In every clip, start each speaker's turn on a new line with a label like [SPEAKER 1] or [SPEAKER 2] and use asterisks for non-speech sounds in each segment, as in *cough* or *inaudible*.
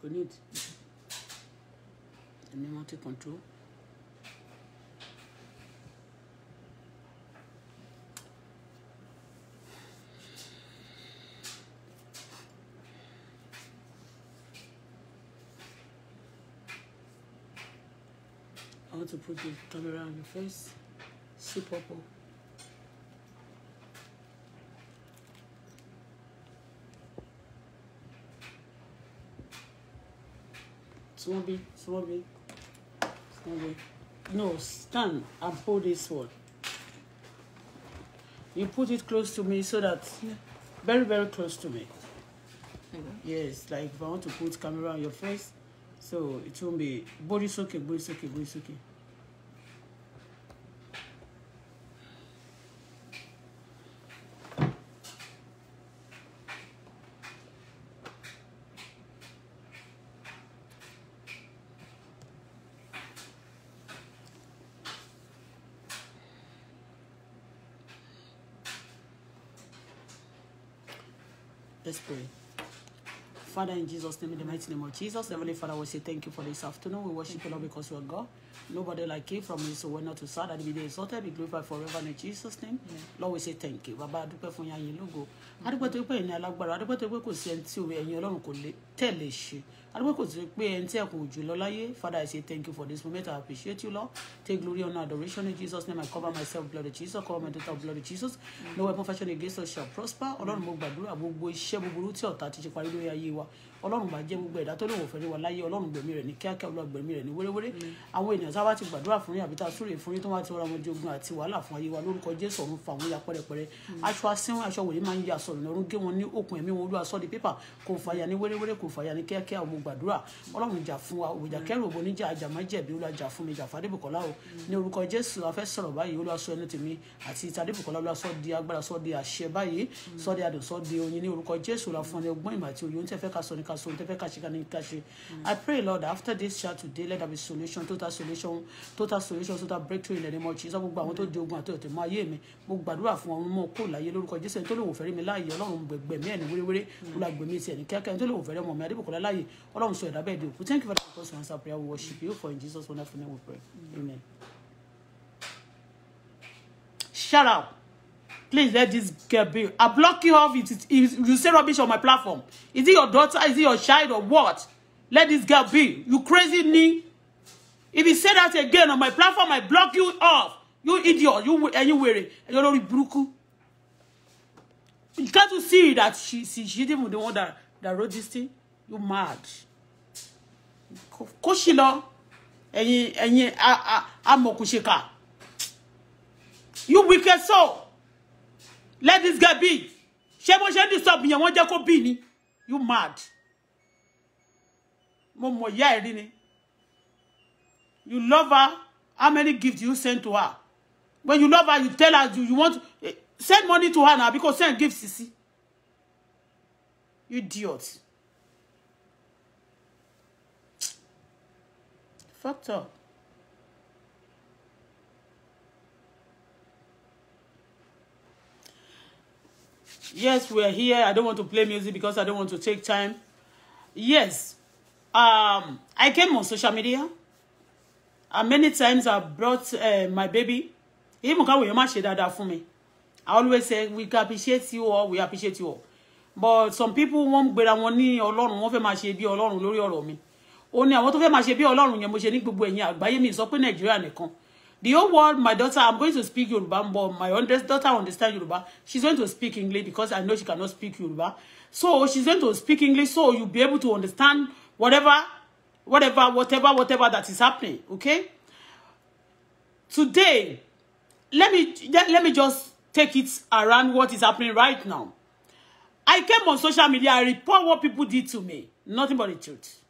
[SPEAKER 1] kò ní ìdí control. I want to put the camera on your face, see purple. Small bit, small bit, small bit. No, stand and pull this one. You put it close to me so that, yeah. very, very close to me. Okay. Yes, like if I want to put camera on your face, so it won't be, body Okay, body Okay, body Okay. Father, in Jesus' name, in the mighty name of Jesus. Heavenly Father, we say thank you for this afternoon. We worship you, Lord, because you are God. Nobody like you from his word not to sad And be the exalted be glorified forever in Jesus name. Yeah. Lord we say thank you. Bàbá adúpẹ́ fún yín lógo. Adúpẹ́ tó pé ẹ̀yin alágbára. Adúpẹ́ tó pé kò sí ẹni tí òwe ẹ̀yin Ọlọ́run kò lè tẹ̀lé ṣe. Adúpẹ́ kò sí pé ẹni tí ẹ̀kún òjò lọ láyé. Father I say thank you for this moment. I appreciate you Lord. Take glory honor adoration in Jesus name. I cover myself blood of Jesus. Cover my daughter blood of Jesus. Mm. No weapon fashioned against us shall prosper. Ọlọ́run mo gbàdúrà gbogbo iṣẹ́ búburú tí ọ̀tá ti ṣe parí lórí ayé wa ọlọ́run bá jẹ́ gbogbo ẹ̀dá tó lóun fẹ́rẹ́ wa láyé ọlọ́run gbẹ̀mí rẹ̀ ní kíákíá ọlọ́run gbẹ̀mí rẹ̀ ní wéréwéré àwọn ènìyàn sábà ti gbàdúrà fún yín àbí tá a súre fún yín tó wá ti rọra wọn jogun àti wàhálà fún ayé wa lórúkọ jésù ọ̀run fa àwọn ya pẹ́rẹpẹ́rẹ aṣọ asínwó aṣọ wòye máa ń ya sọ̀rọ̀ lọ́run gé wọn ní okùn ẹ̀mí wọn olúwa sọ́ di pépà kò fàyà ní wéréwéré kò fàyà ní kíákíá ọmọ gbàdúrà ọlọ́run jà fún wa òjà kẹrù òbò níjà àjàmájẹ̀bi olúwa jà fún mi jà fàdébùkọ́lá o ní orúkọ jésù afẹ́ sọ̀rọ̀ báyìí olúwa sọ ẹnu tèmi àti tàdébùkọ́lá olúwa sọ di agbára sọ di àṣẹ báyìí sọ di adùn sọ di oyin ní orúkọ jésù la ní ká so ohun tẹ́ fẹ́ ká ṣe i pray lord after this chat today let there be solution total solution total solution total breakthrough in the name of jesus gbogbo àwọn tó di ogun àti ọ̀tẹ̀ mọ́ ayé mi mo gbàdúrà fún ọ̀run mọ́ kó láyé lórúkọ jésù ẹni tó lòun fẹ́rẹ́ mi láàyè ọlọ́run gbẹ̀gbẹ̀mí ẹni wéréwéré olùgbẹ̀mí ti ẹni kíákíá ẹni tó lòun fẹ́rẹ́ mọ̀ mi adébùkọ́lá láàyè ọlọ́run sọ ẹ̀dá bẹ́ẹ̀ di òkú thank you for the first answer prayer we worship you for in jesus wonderful name we pray amen. shout out. Please let this girl be. I block you off if, if you say rubbish on my platform. Is it your daughter? Is it your child or what? Let this girl be. You crazy knee. If you say that again on my platform, I block you off. You idiot. You and eh, you wearing. And eh, you're not broken. You can't you see that she she, she didn't the one that, that wrote this thing? You mad. Kó sì I I I'm amọ̀kùnṣèkà. You wicked soul let this guy be ṣé bó ṣe ń disturb yẹn wọ́n jẹ́ kó bí ni you mad mo mọ̀ ìyá ẹ̀ rí ni you love her how many gifts you send to her when you love her you tell her you, you want eh, send money to her now because send gifts see? you idiot fucked up. yes we are here i don't want to play music because i don't want to take time yes um i came on social media and many times i brought uh, my baby even káwọn èèyàn má ṣe that for me. i always say we appreciate you all we appreciate you all but some people wọ́n gbéra wọn ní ọlọ́run wọ́n fẹ́ máa ṣe bí ọlọ́run lórí ọ̀rọ̀ mi ó ní àwọn tó fẹ́ máa ṣe bí ọlọ́run yẹn mo ṣe ní gbogbo ẹ̀yin àgbáyé mi sọ pé nàìjíríà nìkan The whole world, my daughter, I'm going to speak Yoruba, but my oldest daughter understands Yoruba. She's going to speak English because I know she cannot speak Yoruba. So she's going to speak English, so you'll be able to understand whatever, whatever, whatever, whatever that is happening. Okay. Today, let me let me just take it around what is happening right now. I came on social media, I report what people did to me. Nothing but the truth.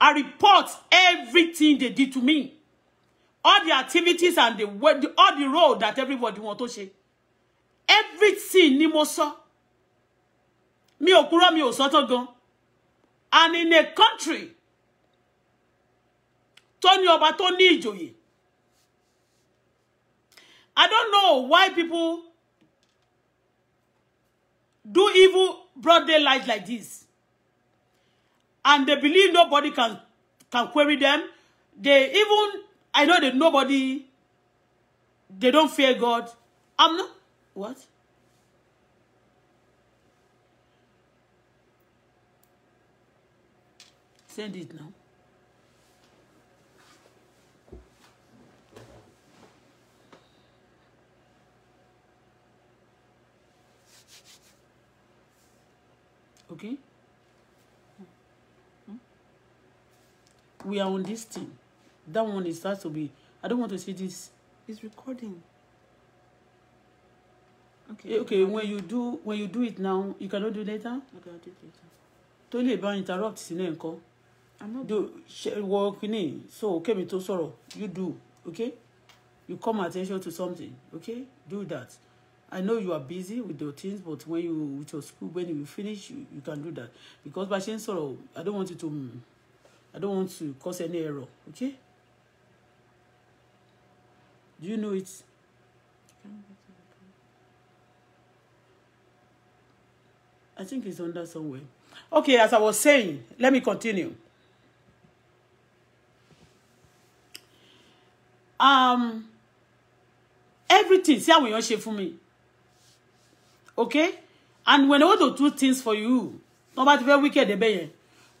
[SPEAKER 1] I report everything they did to me all the activities and the, way, the all the role that everybody want to ṣe everything ni mo sọ mi ò mi ò sọ gan and in a country tó ní ọba tó I don't know why people do evil broad daylight like this and they believe nobody can can query them they even I know that nobody, they don't fear God. I'm not, what? Send it now. Okay? Hmm? Hmm? We are on this team. That one is has to be. I don't want to see this. It's recording. Okay. Eh, okay. When you do when you do it now, you cannot do later. Okay, I'll do it later. Tó lè bá interrupt sílẹ̀ nǹkan. I'm not. Do wọ kínní so Kẹ́mi tó sọ̀rọ̀ you do okay. You come attention to something okay do that. I know you are busy with your things, but when you with your school, when you finish, you, you can do that. Because by saying sorrow, I don't want you to, I don't want to cause any error. Okay? Do you know it? I think it's under somewhere. Okay, as I was saying, let me continue. Um, everything, see how we ṣe fún me. Okay? And when I want two things for you, no matter very wicked they be,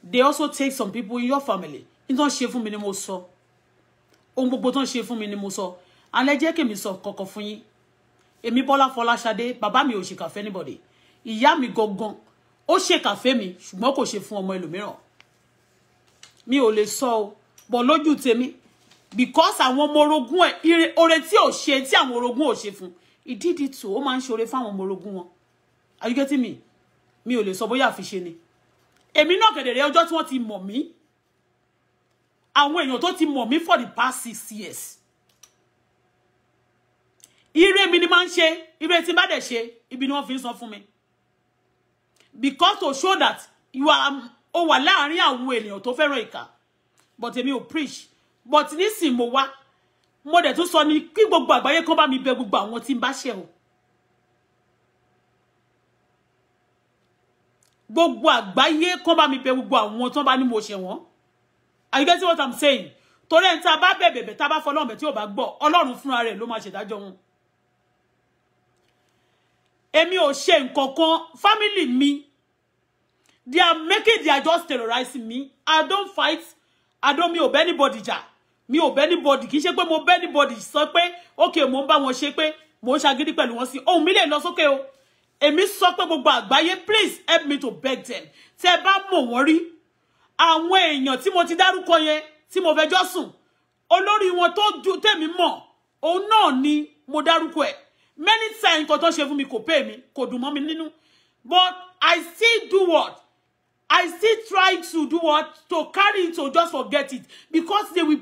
[SPEAKER 1] they also take some people in your family. It's not ń ṣe fún mi ni mo sọ. Ohun gbogbo tó ń ṣe fún mi ni alẹ́ jẹ́ kèmi sọ kọ̀kọ̀ fún yín èmi bọ́lá fọláṣadé bàbá mi ò ṣèkà fẹ́ níbọ̀dé ìyá mi gangan ó ṣèkà fẹ́ mi ṣùgbọ́n kò ṣe fún ọmọ ẹlòmíràn mi ò lè sọ o bọ̀ lójú tèmi because àwọn ọmọ orogún ẹ̀ ore tí ò ṣe tí àwọn orogún ò ṣe fún ìdídi tù ó máa ń ṣoore fáwọn ọmọ orogún wọn are you getting me mi ò lè sọ bóyá àfiṣe ni èmi náà kẹ̀dẹ̀rẹ̀ ọjọ́ tí wọ́n ti mọ̀ mí àwọn èèyàn tó ti mọ̀ mí for the past six years ire mi ni máa ń ṣe ire tí n bá dẹ̀ ṣe ibi ni wọ́n fi ń san mi because to show that you are o wà láàárín àwọn ènìyàn to fẹ́ràn ìkà but èmi ò preach but nísìn mo wá mo dẹ̀ tún sọ ni kí gbogbo àgbáyé kan bá mi bẹ gbogbo àwọn tí n bá ṣẹ̀ o gbogbo àgbáyé kan bá mi bẹ gbogbo àwọn tó bá ní mo ṣẹ̀ wọ́n are you getting what i'm saying torí ẹni tá a bá bẹ̀bẹ̀bẹ̀ tá a bá fọlọ́ọ̀bẹ̀ tí ò bá gbọ́ ọlọ́run fúnra rẹ̀ ló máa ṣèdájọ́ wọn Emi ò ṣe nǹkan family mi they are making they are just terrorizing me i don't fight i don't mi ò bẹ́ anybody jà mi ò bẹ́ anybody kì í ṣe pé mo bẹ́ anybody sọ pé okay mo ń bá wọn ṣe mo ń ṣagídí pẹ̀lú wọn sí ohun mi lè lọ sókè o èmi sọ pé gbogbo àgbáyé please help me to beg them tẹ́ bá mọ̀ wọ́n rí àwọn èèyàn tí mo ti dárúkọ yẹn tí mo fẹjọ́ sùn olórí wọn tó ju tèmi mọ̀ òun náà ni mo dárúkọ ẹ̀ many times nǹkan tó ṣe fún mi kò pay mi kò dùn mọ́ mi nínú but I still do what I still try to do what to carry it or just forget it because they will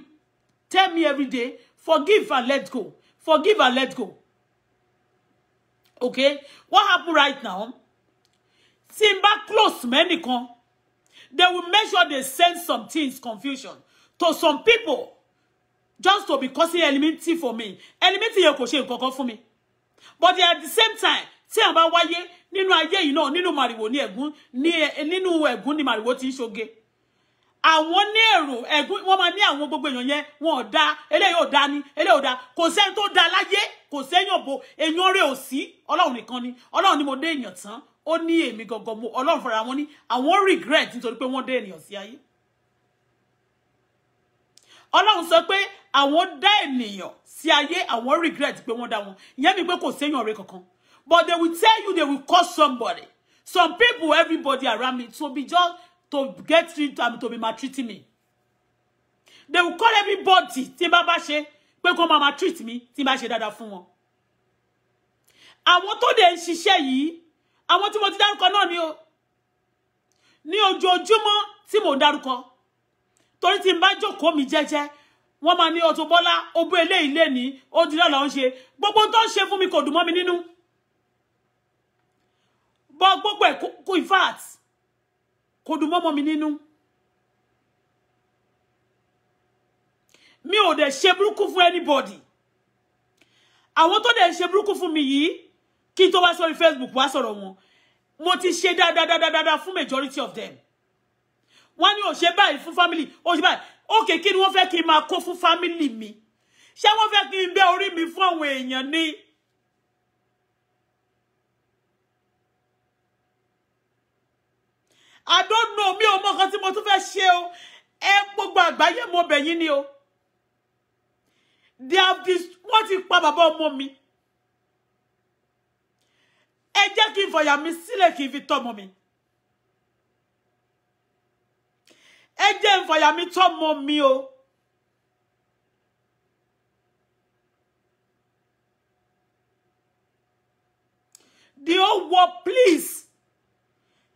[SPEAKER 1] tell me every day forgive and let go forgive and let go okay what happen right now Simba close bá close mẹ́nìkan they will make sure they send some things confusion to some people just to be causing enmity for me enmity yẹn kò ṣe nǹkan kan fún mi but at the same time tí àwọn bá wáyé nínú ayé yìí náà nínú ni ní ẹ̀gún nínú egun, ni màrìwò ti ń ṣoge àwọn ní èrò ẹ̀gún wọ́n máa ní àwọn gbogbo èèyàn yẹn wọn ò dáa eléyìí ò dáa ni o da dáa kò sẹ́ni tó dáa láyé kò séèyàn bo èèyàn rẹ̀ ò sí ọlọ́run nìkan ni ọlọ́run ni mo dé èèyàn tán ó ní èmi gangan mo ọlọ́run fúnra wọn ní àwọn regret nítorí pé wọ́n dé ènìyàn sí ayé ọlọ́run sọ pé àwọn dá ènìyàn sí ayé àwọn regret pé wọ́n dá wọn ìyẹn mi pé kò séyàn rẹ kankan but they will tell you they will call somebody some people everybody around me to be just to get treat am to be maltreating me they will call everybody tí bá bá ṣe pé kó máa maltreat me, tí bá ṣe dáadáa fún wọn àwọn tó dẹ̀ ń ṣiṣẹ́ yìí àwọn tí mo ti dárúkọ náà ni o ní ojoojúmọ́ tí mo dárúkọ torí tí n bá jókòó mi jẹ́jẹ́ wọ́n máa ní Auto Bola ogún eléyìí lé ní ó di lọ́la ń ṣe gbogbo tó ń ṣe fún mi kò dùn mọ́ mi nínú bọ́ gbogbo ẹ̀ kò in fact kò dùn mọ́ mọ́ mi nínú mi ò dẹ̀ ṣe burúkú fún anybody àwọn tó dẹ̀ ṣe burúkú fún mi yìí kí n tó wá sórí Facebook wá sọ̀rọ̀ wọn mo ti ṣe dáadáa dáadáa fún majority of them wọ́n ní ó ṣe báyìí fún family ó ṣe báyìí òkè kí ni wọ́n fẹ́ kí n máa kó fún family mi ṣé wọ́n fẹ́ kí n bẹ́ orí mi fún àwọn èèyàn ni. I don't know mi ò mọ nǹkan tí mo tún fẹ́ ṣe o ẹ gbogbo àgbáyé mo bẹ̀ yín ni o they have this wọ́n ti pa bàbá ọmọ mi ẹ jẹ́ kí n fọ̀yà mi sílẹ̀ kí n fi tọ́ mi ẹ jẹ́ n fàyà mi tọ́mọ mi o. The whole world, please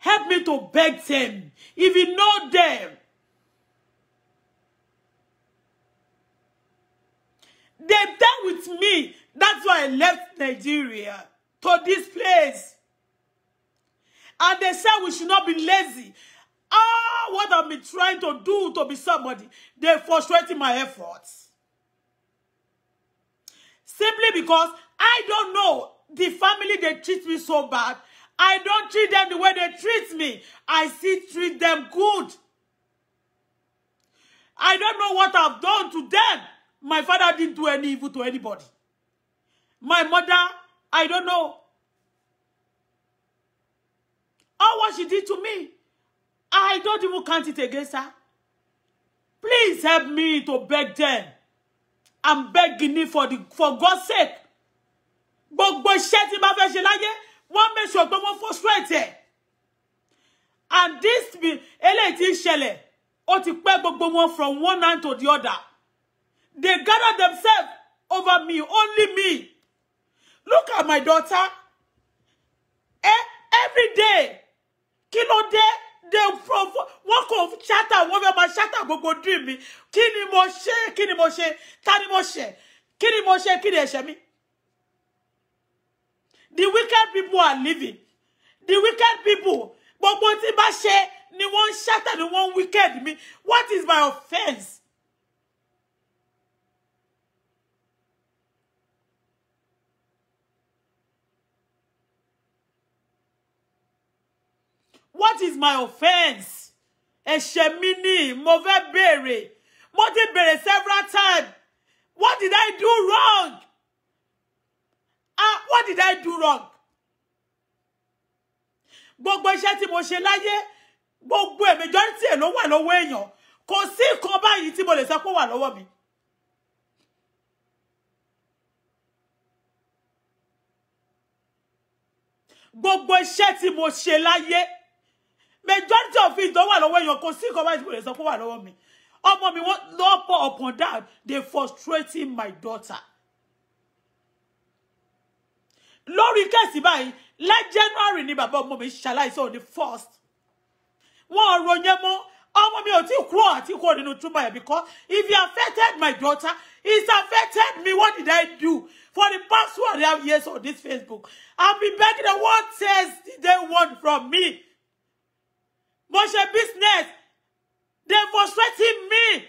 [SPEAKER 1] help me to beg them if you know them. They done with me. That's why I left Nigeria to this place. And they said we should not be lazy all what I've been trying to do to be somebody, they're frustrating my efforts. Simply because I don't know the family, they treat me so bad. I don't treat them the way they treat me. I still treat them good. I don't know what I've done to them. My father didn't do any evil to anybody. My mother, I don't know. All what she did to me, I don't even count it against her. Please help me to beg them. I'm begging you for, the, for God's sake. But boy, tí bá fẹ́ ṣe láyé, wọ́n make sure pé wọ́n And this be eléyìí tí ń ṣẹlẹ̀, ó ti pẹ́ from one hand to the other. They gather themselves over me, only me. Look at my daughter. Eh, every day, kilo day they provo wọn kò ṣáta wọn fẹ́ máa ṣáta gbogbo dream mi kí ni mo ṣe kí ni mo ṣe ta ni mo ṣe kí ni mo ṣe kí ni ẹ̀ṣẹ̀ mi. the wicked people are living the wicked people gbogbo tí bá ṣe ni wọ́n ń ṣáta ni wọ́n wicked mi what is my offence what is my offence ẹ̀ṣẹ̀ mi ni mo fẹ́ béèrè mo ti béèrè several times what did I do wrong ah what did I do wrong gbogbo iṣẹ́ tí mo ṣe láyé gbogbo ẹ̀ majority ẹ̀ ló wà lọ́wọ́ èèyàn kò sí nǹkan báyìí tí mo lè sọ pé ó wà lọ́wọ́ mi. gbogbo iṣẹ́ tí mo ṣe láyé majority of it don't wà lọ́wọ́ èèyàn kò sí nǹkan báyìí tí mo lè sọ pé wà lọ́wọ́ mi ọmọ mi upon that they frustrating my daughter lórí kẹ́sì báyìí lẹ́ January ni bàbá ọmọ Shall I? on the first wọn ọ̀rọ̀ yẹn mọ́ ọmọ mi ò tí you àti You nínú túmọ̀ yẹn because if you affected my daughter it's affected me what did I do for the past one and a half years on this Facebook I've been begging the what Says, did they want from me mo ṣe business they sweating me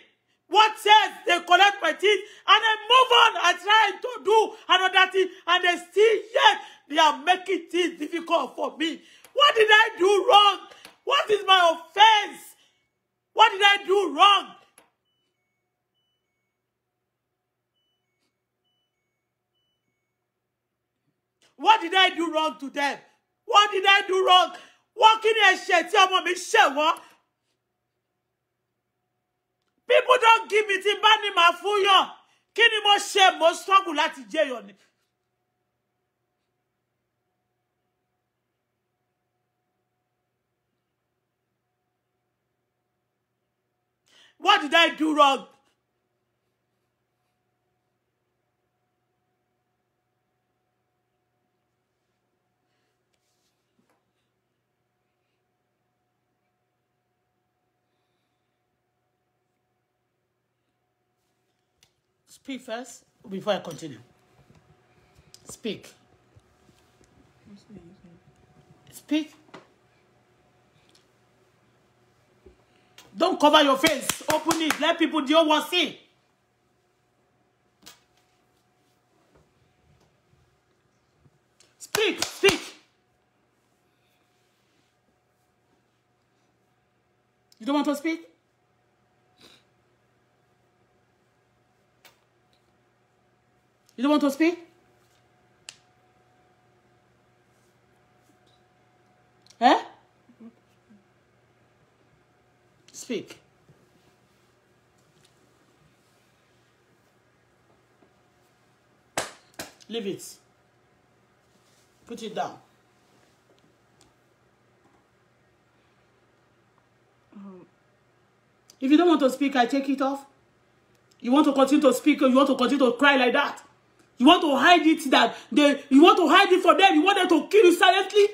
[SPEAKER 1] what says they collect my teeth and I move on I try to do another thing and they still yet they are making things difficult for me what did I do wrong what is my offense what did I do wrong What did I do wrong to them? What did I do wrong? wọ́n kí ni ẹ̀ṣẹ̀ tí ọmọ mi ṣẹ̀ wọ́n people don give me tí bá ní màá fún yàn kí ni mo ṣe mo struggle láti jẹyàn ni. What did I do wrong? Speak first before I continue. Speak. Speak. Don't cover your face. Open it. Let people the whole see. Speak, speak. You don't want to speak? You don't want to speak? Eh? Speak. Leave it. Put it down. If you don't want to speak, I take it off. You want to continue to speak or you want to continue to cry like that? You want to hide it that they you want to hide it for them. You want them to kill you silently.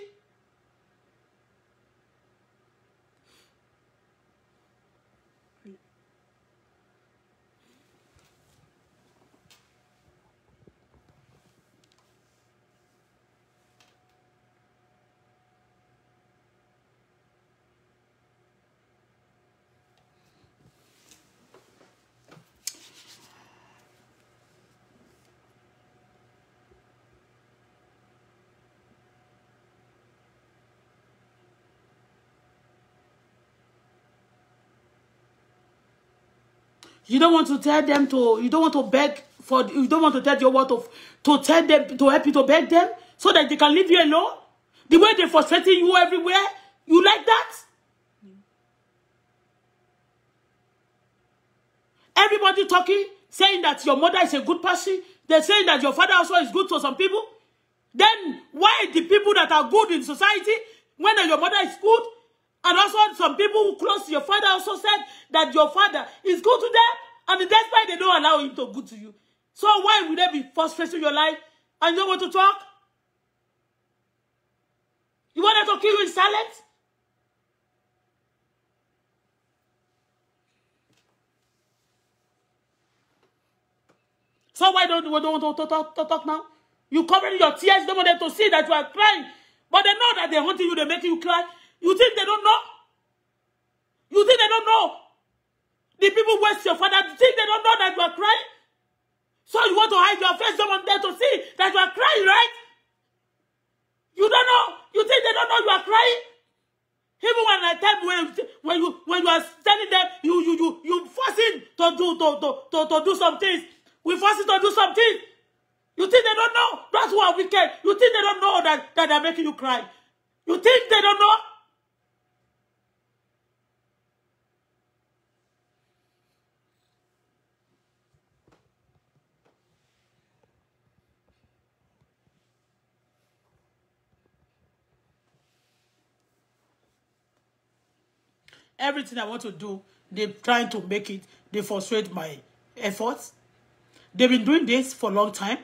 [SPEAKER 1] You don't want to tell them to, you don't want to beg for, you don't want to tell your what to, to tell them, to help you to beg them so that they can leave you alone. The way they're frustrating you everywhere, you like that? Everybody talking, saying that your mother is a good person. They're saying that your father also is good to some people. Then why the people that are good in society, when your mother is good, And also some people who close to your father also said that your father is good to them. And that's why they don't allow him to good to you. So why would they be frustrating your life? And you don't want to talk? You want them to kill you in silence? So why don't we don't want to talk, to talk now? You covering your tears, don't want them to see that you are crying. But they know that they're haunting you, they're making you cry. You think they don't know? You think they don't know? The people waste your father. You think they don't know that you are crying? So you want to hide your face. Someone there to see that you are crying, right? You don't know. You think they don't know you are crying? Even when I tell when when you when you are telling them you you you you forcing to do to to to, to do some things. We forcing to do something. You think they don't know? That's why we wicked. You think they don't know that that are making you cry? You think they don't know? Everything I want to do, they're trying to make it. They frustrate my efforts. They've been doing this for a long time.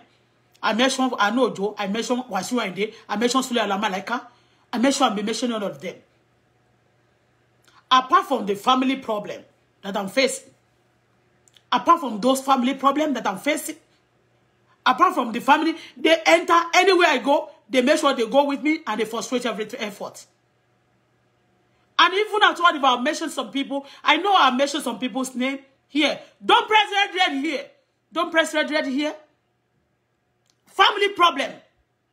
[SPEAKER 1] I mentioned Anojo, I mentioned Wasiu Ayinde, I mentioned Sule Alamalaika, I mentioned I've be mentioning all of them. Apart from the family problem that I'm facing, apart from those family problems that I'm facing, apart from the family, they enter anywhere I go, they make sure they go with me and they frustrate every effort. And even at what if I mentioned some people, I know I mentioned some people's name here. Don't press red red here. Don't press red red here. Family problem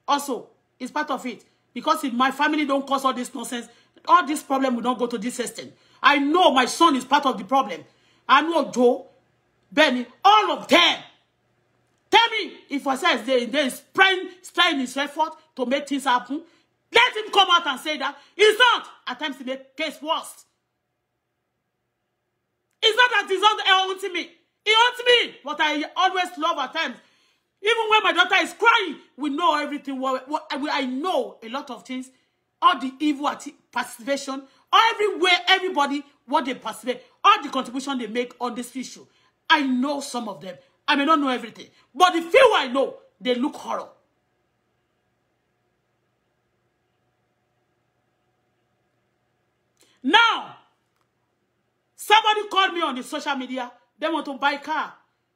[SPEAKER 1] also is part of it. Because if my family don't cause all this nonsense, all this problem will not go to this extent. I know my son is part of the problem. I know Joe, Benny, all of them. Tell me if I say they, they is trying, trying his effort to make things happen. Let him come out and say that. It's not. At times it make case worse. It's not that it's not haunting eh, oh, me. He haunts me. But I always love at times. Even when my daughter is crying, we know everything. Well, what, I know a lot of things. All the evil participation. all Everywhere, everybody, what they participate. All the contribution they make on this issue. I know some of them. I may not know everything. But the few I know, they look horrible. Now, somebody called me on the social media. They want to buy car.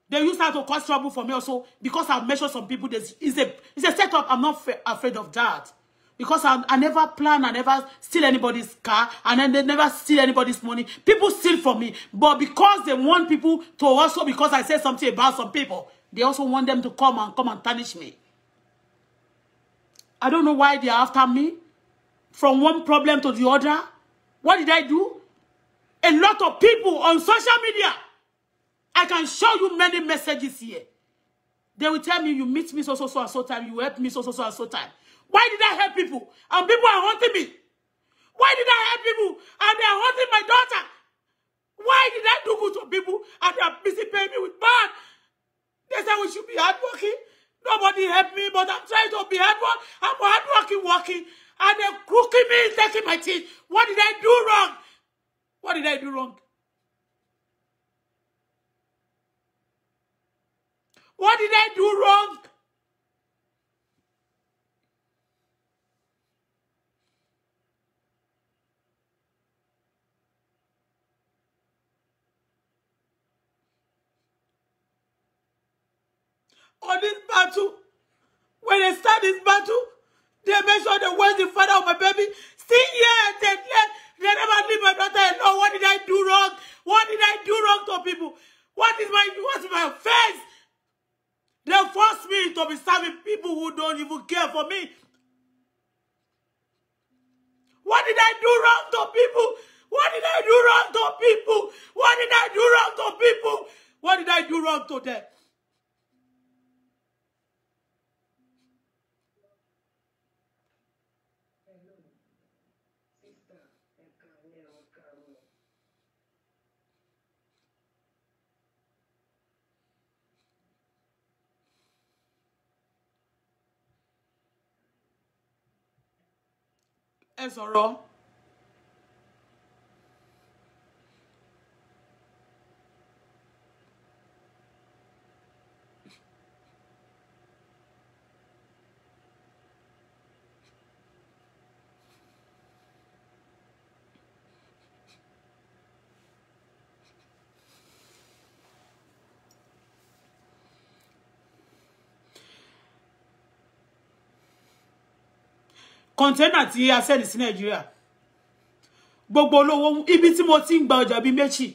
[SPEAKER 1] They used that to cause trouble for me also because I've measured some people. There's, it's, a, it's a setup. I'm not afraid of that. Because I, I never plan, I never steal anybody's car, and then they never steal anybody's money. People steal from me. But because they want people to also, because I said something about some people, they also want them to come and come and tarnish me. I don't know why they're after me. From one problem to the other. What did I do? A lot of people on social media, I can show you many messages here. They will tell me, you meet me so, so, so, and so time. You help me so, so, so, and so time. Why did I help people? And people are haunting me. Why did I help people? And they are haunting my daughter. Why did I do good to people? And they are busy paying me with bad. They said we should be hardworking. Nobody helped me, but I'm trying to be hardworking. I'm hardworking, working and the crooked me, taking my teeth. What did I do wrong? What did I do wrong? What did I do wrong? On this battle, when they start this battle, They make sure they waste the father of my baby. Still here, they, let, they never leave my daughter alone. What did I do wrong? What did I do wrong to people? What is my, what's my face? They force me to be serving people who don't even care for me. What did I do wrong to people? What did I do wrong to people? What did I do wrong to people? What did I do wrong to them? ẹ sọ̀rọ̀. kọ̀ńténà tí a sẹ́ni sí nàìjíríà gbogbo olówó ibi tí mo ti ń gba ọjà bíi méjì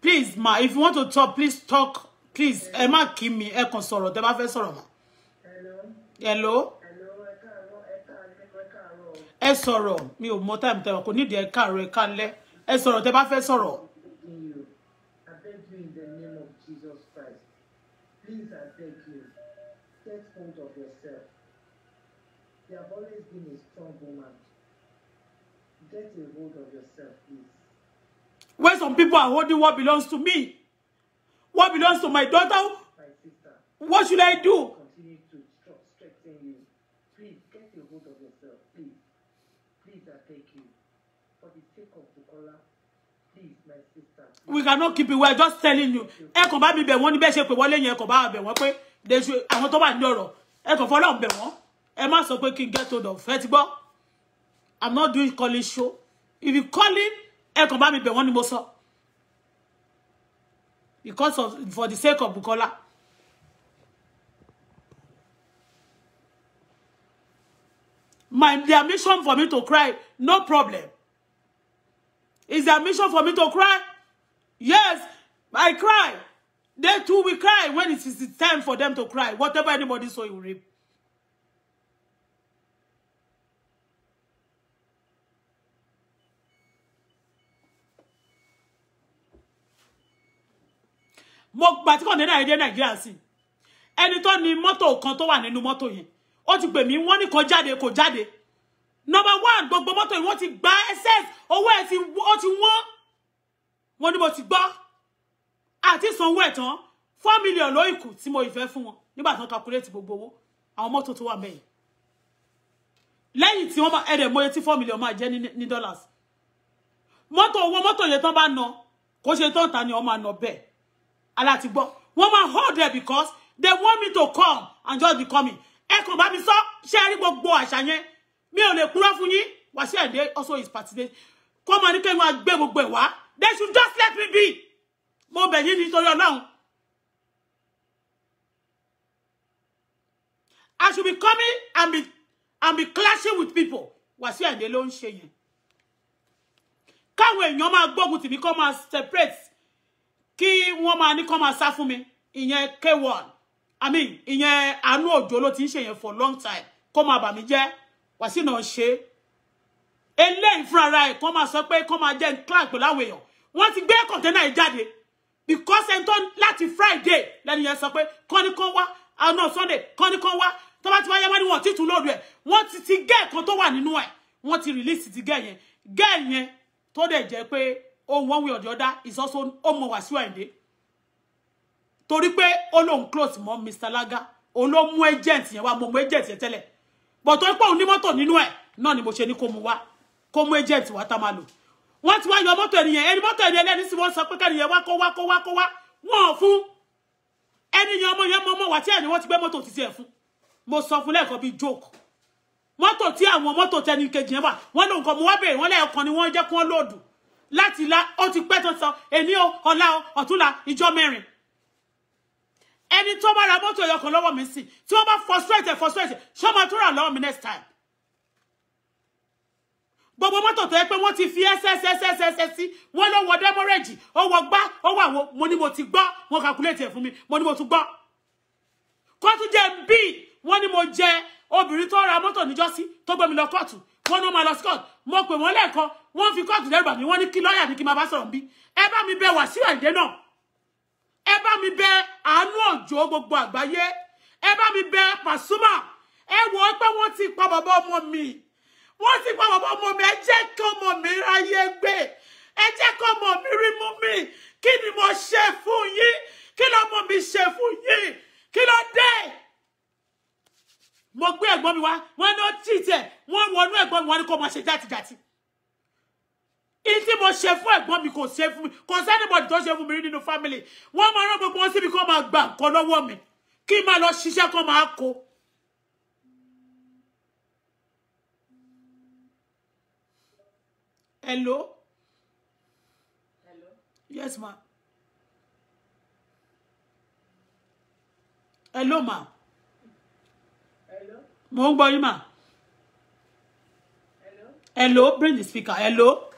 [SPEAKER 1] please ma if you want to talk please talk please ẹ má kí mi ẹ kàn sọ̀rọ̀ tẹ́ bá fẹ́ sọ̀rọ̀ ma. hello. ẹ sọ̀rọ̀ mi ò mọ táìmù tẹ́wọ̀n kò nídìí ẹ káàárọ̀ ẹ kálẹ́ ẹ sọ̀rọ̀ tẹ́ bá fẹ́ sọ̀rọ̀. Please, I beg You have always been a strong woman. Get a hold of yourself, please. When some people are holding what belongs to me, what belongs to my daughter, my sister, what should I do? Continue to strengthen you. Please get a hold of yourself, please. Please, I beg you. For the sake of Bukola, please, my sister. Please. We cannot keep it. We are just telling you. Ẹ kàn bá mi bẹ̀ wọ́n ní bẹ́ẹ̀ ṣe pé wọ́n lẹ́yìn ẹ kàn bá bẹ̀ wọ́n pé àwọn tó wà ní ọ̀rọ̀ ẹ kàn fọlọ́ọ̀ bẹ̀ wọ́n ẹ má sọ pé get hold of ẹ i'm not doing calling show if you call ẹ kàn come mi bẹ̀ wọ́n ni mo sọ because of for the sake of Bukola. My their mission for me to cry, no problem. Is their mission for me to cry? Yes, I cry. They too will cry when it is the time for them to cry. Whatever anybody saw, you reap. mo gbà tí kọ̀ǹtẹ́nà yẹn dé nàìjíríà sí ẹni tó ni mọ́tò kan tó wà nínú mọ́tò yẹn ó ti pè mí wọ́n ní kò jáde kò jáde number one gbogbo mọ́tò yìí wọ́n ti gba excess owó ẹ̀ ti wọ́n wọ́n ní mo ti gbọ́ àti sanwó ẹ̀ tán four million ló ìkù tí mo ìfẹ́ fun. wọn nígbà tán calculate gbogbo owó àwọn mọ́tò tó wà mẹ́yìn lẹ́yìn tí wọ́n máa ẹ̀rẹ̀ mọ́ye tí four million máa jẹ́ ní dollars mọ́tò owó mọ́tò yẹn tán bá ná kó ṣe tán ta ni wọ́n máa ná bẹ́ẹ̀ aláti gbọ́ wọ́n máa hold there because they want me to come and just be coming ẹ kàn bá mi sọ ṣé ẹ rí gbogbo àṣà yẹn mi ò lè kúrò fún yín Wasiu Ayinde also is participate kọ́ máa ní kí wọ́n gbé gbogbo ẹ̀ wá they should just let me be mo bẹ̀ yín nítorí ọlọ́run I should be coming and be and be clashing with people Wasiu Ayinde ló ń ṣe yẹn káwọn èèyàn máa gbógun tìmí kọ́ máa separate Ki wọ́n máa ní kán máa sá fún mi ìyẹn k1 i mean ìyẹn àánú òjò ló ti ń ṣe for long time kó máa bà mí jẹ́ wàsíù náà ṣe é eléyìí fúnra ẹ̀ kán máa sọ pé kán máa jẹ́ clark pẹ̀lú àwọn èèyàn wọ́n ti gbé kọ̀ǹtẹ́nà yìí because ẹni tó láti friday lẹ́nu yẹn sọ pé kán ní kán wá àná ah, sunday kán ní kán wa tó bá ti wáyé wọ́n ní wọ́n ti tún lóòdù ẹ̀ wọ́n ti ti gẹ́ ẹ̀kan tó wà nínú ẹ̀ wọ́n ti release ti gẹ́ yẹn gẹ́ yẹn to dẹ̀ jẹ́ pé ohun one way or the other is also ọmọ Wàsíù Àyìndé torí pé ó lóun close mọ́ Mr Laga òun ló mú agent yẹn wá mo mú agent yẹn tẹ́lẹ̀ but to pé òun ní mọ́tò nínú ẹ̀ náà ni mo ṣe ní kó mu wá kó mú agent wá tá máa lò wọ́n ti wá yọ mọ́tò ènìyàn ẹni mọ́tò ènìyàn lẹ́ni sí wọ́n sọ pé kẹ́nìyàn wá kó wá kó wá kó wá wọ́n fún ẹnìyàn ọmọ yẹn mọ́ mọ́ wá tí ẹni wọ́n ti gbé mọ́tò títí ẹ̀ fún mo sọ fún lẹ́ẹ̀kan bíi joke mọ́tò tí àwọn mọ́tò tẹni kejì yẹn wà wọ́n lóun kan mo wá bèèrè wọ́n lẹ́ẹ̀kan ni wọ́n jẹ́ kí wọ́n lòdù láti la ó ti pẹ́ tó èmi o ọ̀la o ọ̀túnla ìjọ mẹ́rin ẹni tó bá ra mọ́tò ẹ̀yọkọ̀ lọ́wọ́ mi sí tí wọ́n bá frustrate frustrate ṣé ọmọ tó rà lọ́wọ́ mi next time gbogbo mọ́tò tó yẹ pé wọ́n ti fi ẹ́sẹ́sẹ́sẹ́sẹ́ sí wọ́n ló wọ dẹ́mọ́rẹ́jì ó wọ gbá ó wà wo mo ní mo ti gbọ́ wọn calculate ẹ̀ fún mi mo ní mo tún gbọ́ kóòtù jẹ́ bí wọ́n ní mo jẹ obìnrin tó ra mọ́tò níjọ́sí tó gbé mi lọ kóòtù wọ́n ní máa lọ sí kóòtù mo pè wọ́n lẹ́ẹ̀kan wọ́n fi kóòtù dẹ́rùbà mi wọ́n ní kí lọ́ọ̀yà ní kí máa bá sọ̀rọ̀ bí ẹ bá mi bẹ Wàsíù Àyìndé náà ẹ bá mi bẹ Àánú Òjó gbogbo àgbáyé ẹ bá mi bẹ Pasuma ẹ wò ó pé wọ́n ti pa bàbá ọmọ mi wọ́n ti pa bàbá ọmọ mi ẹ jẹ́ kí ọmọ mi ráyé gbé ẹ jẹ́ kí ọmọ mi rí mú mi kí ni mo ṣe fún yín kí lọ́mọ mi ṣe fún yín kí ló dé mo gbé ẹ̀gbọ́n mi wá wọ́n ní ó tì tẹ̀ wọ́n wọnú ẹ̀gbọ́n mi wọ́n ní kó máa ṣe játijàti ṣe fún ẹ̀gbọ́n mi kò ṣe fún mi kò sẹ́nìbọ̀dì tó ṣe fún mi rí nínú fámìlì wọ́n máa gbogbo wọn síbi kí wọ́n máa gbà nǹkan lọ́wọ́ mi kí n máa lọ ṣiṣẹ́ kí wọ́n hello. hello. yes ma. hello ma. hello. mo ń gbọ́ ma. hello. hello bring the speaker hello.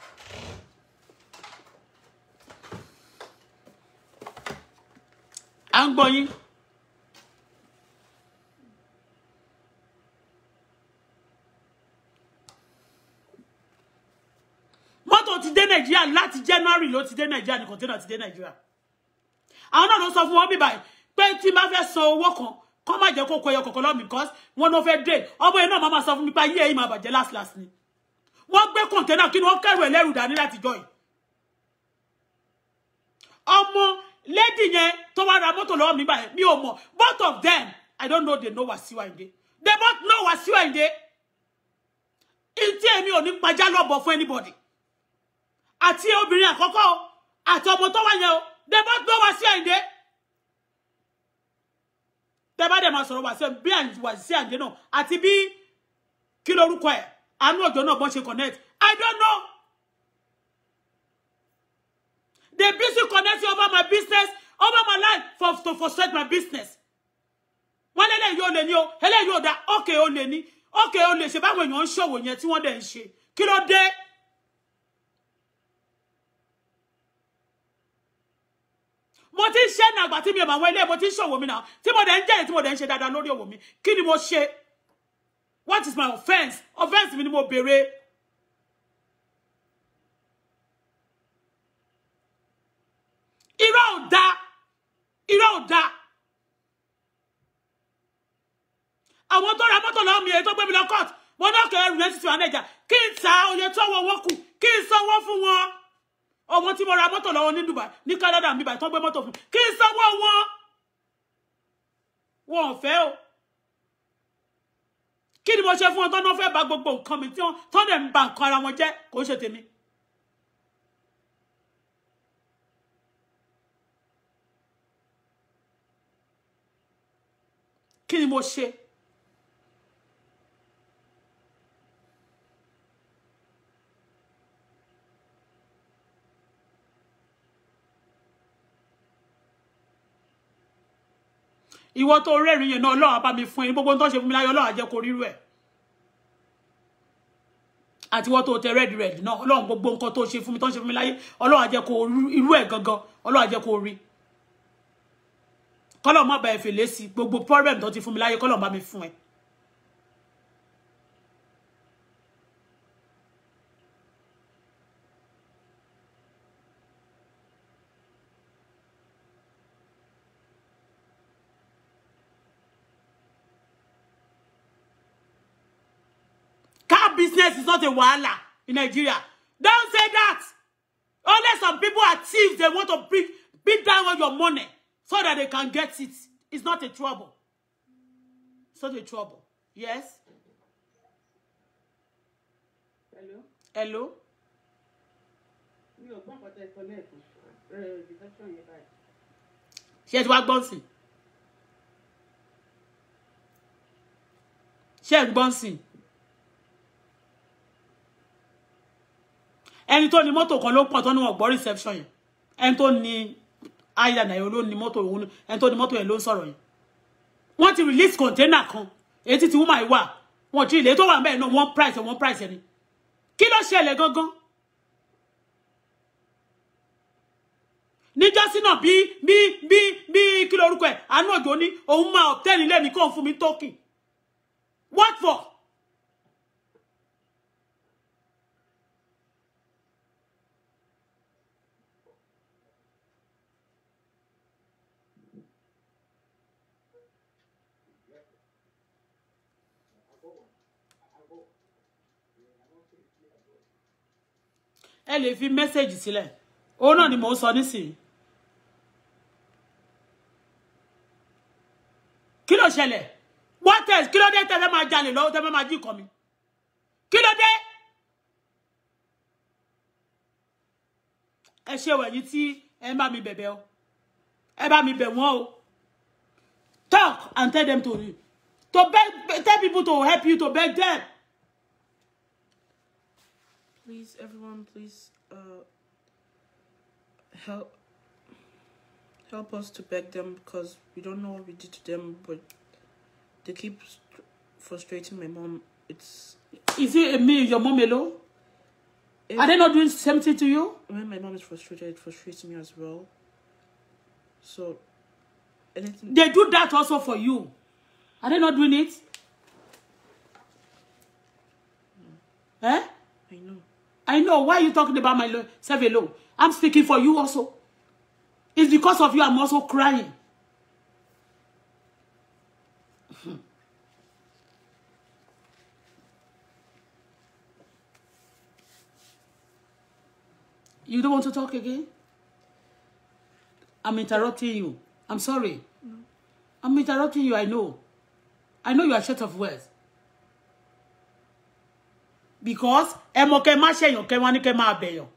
[SPEAKER 1] à ń gbọ́ yín. mọ́tò ti dé nàìjíríà láti january ló ti dé nàìjíríà ní kọ̀ńténà ti dé nàìjíríà àwọn náà ló sọ fún wọn bíbá yìí pé tí n bá fẹ́ san owó kan kọ́ má jẹ́ kó kọ ẹyọ kọ̀ọ̀kan lọ́mì because wọn ló fẹ́ dé ọmọ yẹn náà máa ma sọ fún mi pé ayé ẹ̀yìn máa bàjẹ́ last last ni wọ́n gbé kọ̀ńténà kí ni wọ́n kẹ́rù ẹlẹ́rù dání láti jọ yìí ọmọ lady yẹn tó wá ra mọ́tò lọ́wọ́ mi báyìí mi ò mọ̀ both of them i don't know they know Wasiu Ayinde they both know Wasiu Ayinde ntí èmi ò ní pajá lọ́bọ̀ fún anybody Ati obìnrin àkọ́kọ́ ati àti ọmọ tó wà o they both know Wasiu Ayinde tẹ bá dẹ̀ máa sọ̀rọ̀ Wasiu bí Wasiu Ayinde náà àti bí kí lorúkọ ẹ̀ àánú ọ̀jọ̀ náà bọ́n ṣe connect i don't know The blessing connects you over my business, over my life, for to frustrate my business. Wọ́n lẹ́lẹ́ yóò lè ní o, ẹlẹ́ you da, okay ó lè okay ó lè ṣe báwọn èèyàn ń ṣòwò yẹn tí wọ́n dẹ̀ ń ṣe. Kí ló dé? Mo ti ń ṣe nàgbà tí mi ò àwọn ilé mo ti ń ṣòwò mi náà, tí mo dẹ̀ ń jẹ́rìí tí mo dẹ̀ ń ṣe dáadáa lórí mi. Kí mo ṣe? What is my offence? Offence mi ni mo béèrè. irọ́ ò dáa àwọn tó ra mọ́tò lọ́wọ́ mi èyí tó gbé mi lọ court mo náà kẹ́ ẹrù lẹ́sìn tiwa nàìjà kí n ta oye tó wọ owó kù kí n sanwó fún wọn owó tí mo ra mọ́tò lọ́wọ́ ní Dubai ní Canada mi báyìí tó gbé mọ́tò fún kí n sanwó wọn wọn ò fẹ́ o kí ni mo ṣe fún wọn tó náà fẹ́ bà gbogbo nǹkan mi tí wọ́n tó dẹ̀ ń bà nǹkan ara wọn jẹ́ kò ń ṣe tèmi. kí ni mo ṣe. ìwọ tó rẹ́rìn yẹn náà ọlọ́run abá mi fún ẹni gbogbo tó ṣe fún mi láyé ọlọ́run àjẹkò rírú ẹ̀ àti ìwọ tó tẹ rẹ́ẹ̀dì rẹ́ẹ̀dì náà ọlọ́run gbogbo nǹkan tó ṣe fún mi tó ṣe fún mi láyé ọlọ́run àjẹkò irú ẹ̀ gangan ọlọ́run àjẹkò rí kọ́lọ̀ má ba ẹ̀fẹ̀ lé sí gbogbo problem tó ti fún mi láyé kọ́lọ̀ bá mi fún ẹ. Car business is not a wahala in Nigeria. Don't say that. Only some people are thieves. They want to beat, beat down all your money so that they can get it. It's not a trouble. It's not a trouble. Yes? Hello? Hello? Mi ò gbọ́ nǹkan tẹ́ sọ lẹ́ẹ̀kan. Reception yẹn báyìí. Ṣé ẹ ti wá gbọ́n sí? Ṣé ẹ gbọ́n sí? Ẹni tó ní mọ́tò kan ló pọ̀ tó ní wọ́n gbọ́ reception yẹn. Ẹni tó ní ayana na ló ní mọ́tò òun ẹni tó ní mọ́tò ẹ̀ ló ń sọ̀rọ̀ yẹn wọ́n ti release container kan èyí tí wúmà yìí wà wọ́n ti ilé tó wà mẹ́rin náà one price wọ́n price ẹni kí ló ṣẹlẹ̀ gangan níjọ́sí náà bí bi bí bí kí lorúkọ ẹ̀ àánú òjò ní òun máa obtain ilé mi kóun fún mi toki. what for. ẹ lè fi mẹ́sẹ̀gì sílẹ̀ òun náà ni mò ń sọ nísìnyí. kí ló ṣẹlẹ̀ wọ́n tẹ̀ kí ló dé tẹ́lẹ̀ máa jalè lọ́wọ́ tẹ́lẹ̀ máa jí ìkọ́ mi kí ló dé. ẹ ṣe wẹ̀yìn tí ẹ bá mi bẹ̀bẹ̀ o ẹ bá mi bẹ̀ wọ́n o talk and tell them to to beg tell people to help you to beg them. please everyone please uh, help help us to beg them because we don't know what we did to them but they keep frustrating my mom it's is it me your mom alone if, are they not doing something to you when my mom is frustrated it frustrates me as well so anything they do that also for you are they not doing it no. eh I know. I know why are you talking about my myself alone. I'm speaking for you also. It's because of you I'm also crying. Hmm. You don't want to talk again? I'm interrupting you. I'm sorry. No. I'm interrupting you, I know. I know you are short of words because ẹ mọ kẹ má ṣèyàn kẹ wá ní kẹ máa bẹ̀yàn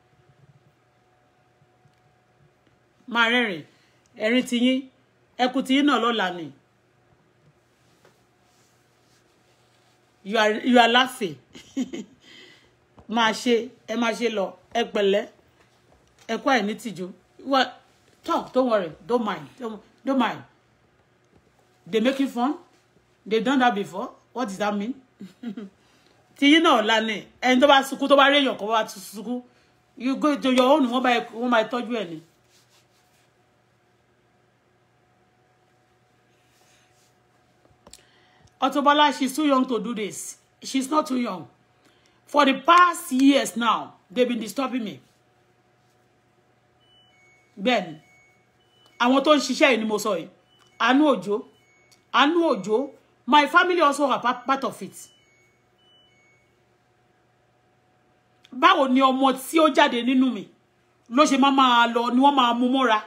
[SPEAKER 1] máa rẹ́rìn ẹ̀rín tiyín ẹkùn tiyín náà lọ́la ni you are you are laughing *laughs* máa ṣe ẹ máa ṣe lọ ẹ pẹ̀lẹ́ ẹ kọ́ ẹ̀ ní tìjú wá talk don't worry don't mind don't, don't mind they making fun they done that before what does that mean. *laughs* tíyín náà lánàá ẹni tó bá sunkún tó bá rí èèyàn kan bá tún sunkún you go to your own wọ́n bá wọ́n máa tọ́jú ẹ̀ ni. Auto she's too young to do this she's not too young for the past years now they've been disturbing me Ben, àwọn tó ń ṣiṣẹ́ yìí ni mo sọ yìí àánú òjò àánú òjò my family also are part of it. báwo ni ọmọ tí ó jáde nínú mi ló ṣe máa máa lọ ni wọ́n máa mú mọ́ra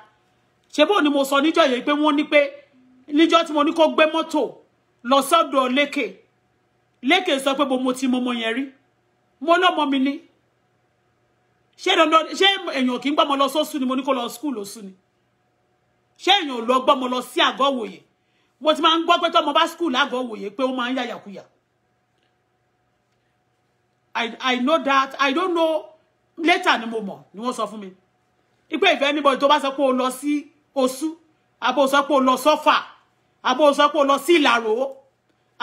[SPEAKER 1] ṣe bó ni mo sọ níjọ́ yẹn pé wọ́n ní pé níjọ́ tí mo ní kó gbé mọ́tò lọ sọ́dọ̀ lékè lékè sọ pé mo ti mọmọ yẹn rí mo lọ́mọ mi ni ṣé dandan ṣé èèyàn kì í gbọ́mọ lọ sọ́sù ni mo ní kó lọ skul lọ́sù ni ṣé èèyàn ò lọ gbọ́mọ lọ sí àgọ́ òwòye mo ti máa ń gbọ́ pé tọ́mọ bá skul àgọ́ òwòye pé ó máa ń yàyàkuyà I, I know that. I don't know. Later ni mo mọ̀ ni wọ́n sọ fún mi. Ipe if anybody tó bá sọ pé o lọ sí Osu, abo sọ pé o lọ Sọ́fà, abo sọ pé o lọ sí Ìlàró,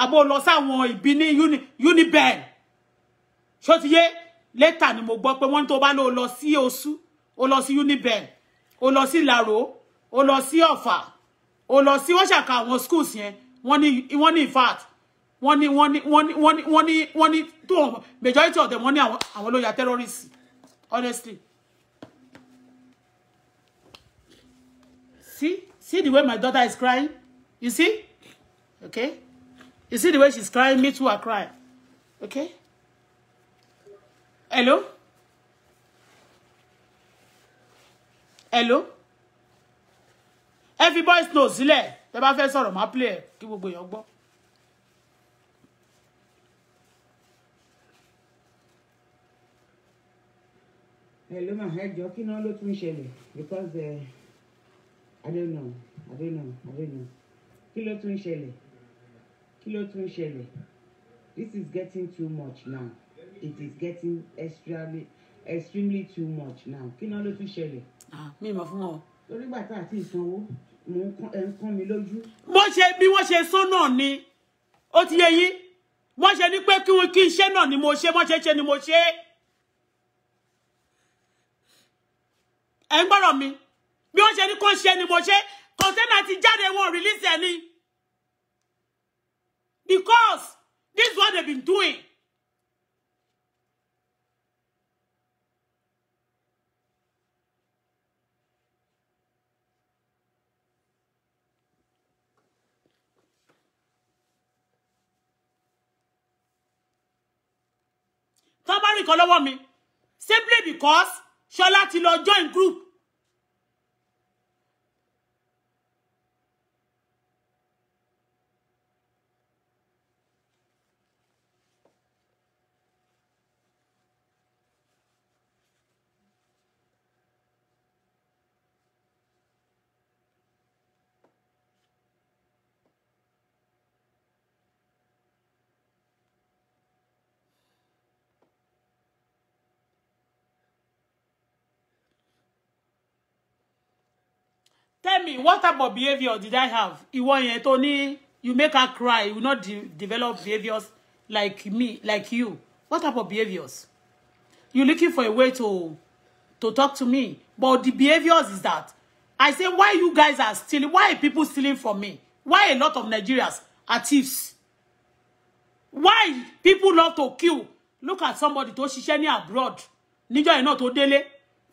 [SPEAKER 1] abo lọ sáwọn ìbí uni Uniben. Ṣó ti yé later ni mo gbọ́ pé wọ́n tó bá lọ lọ sí Osu, o lọ sí Uniben, o lọ sí Ìlàró, o lọ sí Ọ̀fà, o lọ sí wọ́n ṣàkà àwọn schools yẹn, wọ́n ní in fact wọ́n ní wọ́n ní wọ́n ní wọ́n ní wọ́n ní wọ́n ní tó majority of them wọ́n ní àwọn àwọn ló ya terrorists honestly see see the way my daughter is crying you see okay you see the way she's crying me too I cry okay hello hello everybody knows Zile. tẹ́ bá fẹ́ sọ̀rọ̀ máa play kí gbogbo èèyàn gbọ́. hello my head. jọ kí náà me tún ṣẹlẹ̀ because uh, I don't know I don't know I don't know kí ló tún ṣẹlẹ̀ kí ló tún ṣẹlẹ̀ this is getting too much now it is getting extremely extremely too much now kí náà ló tún ṣẹlẹ̀. Ah, mi mọ̀ fún ọ. torí bàtà àti ìsanwó mo ń kán mi lójú. mo ṣe bí wọ́n ṣe sán náà ni ó ti yẹ yín wọ́n ṣe ní pé kí iṣẹ́ náà ni mo ṣe wọ́n ni mo ṣe é. ẹ̀ ń gbọ́rọ̀ mi bí wọ́n ṣe ní kó ṣe ni mo ṣe container ti jáde wọn release ẹ̀ ni because this is what they been doing. tọ́ bá rìn kan lọ́wọ́ mi simply because Ṣọlá ti lọ join group tell me what type of behavior did I have ìwọ yẹn tó you make her cry you not de develop behaviors like me like you what type of behaviors you looking for a way to to talk to me but the behaviors is that I say why you guys are stealing why people stealing from me why a lot of Nigerians are thieves why people love to kill look at somebody tó ṣiṣẹ́ ní abroad níjọ́ yẹn náà tó délé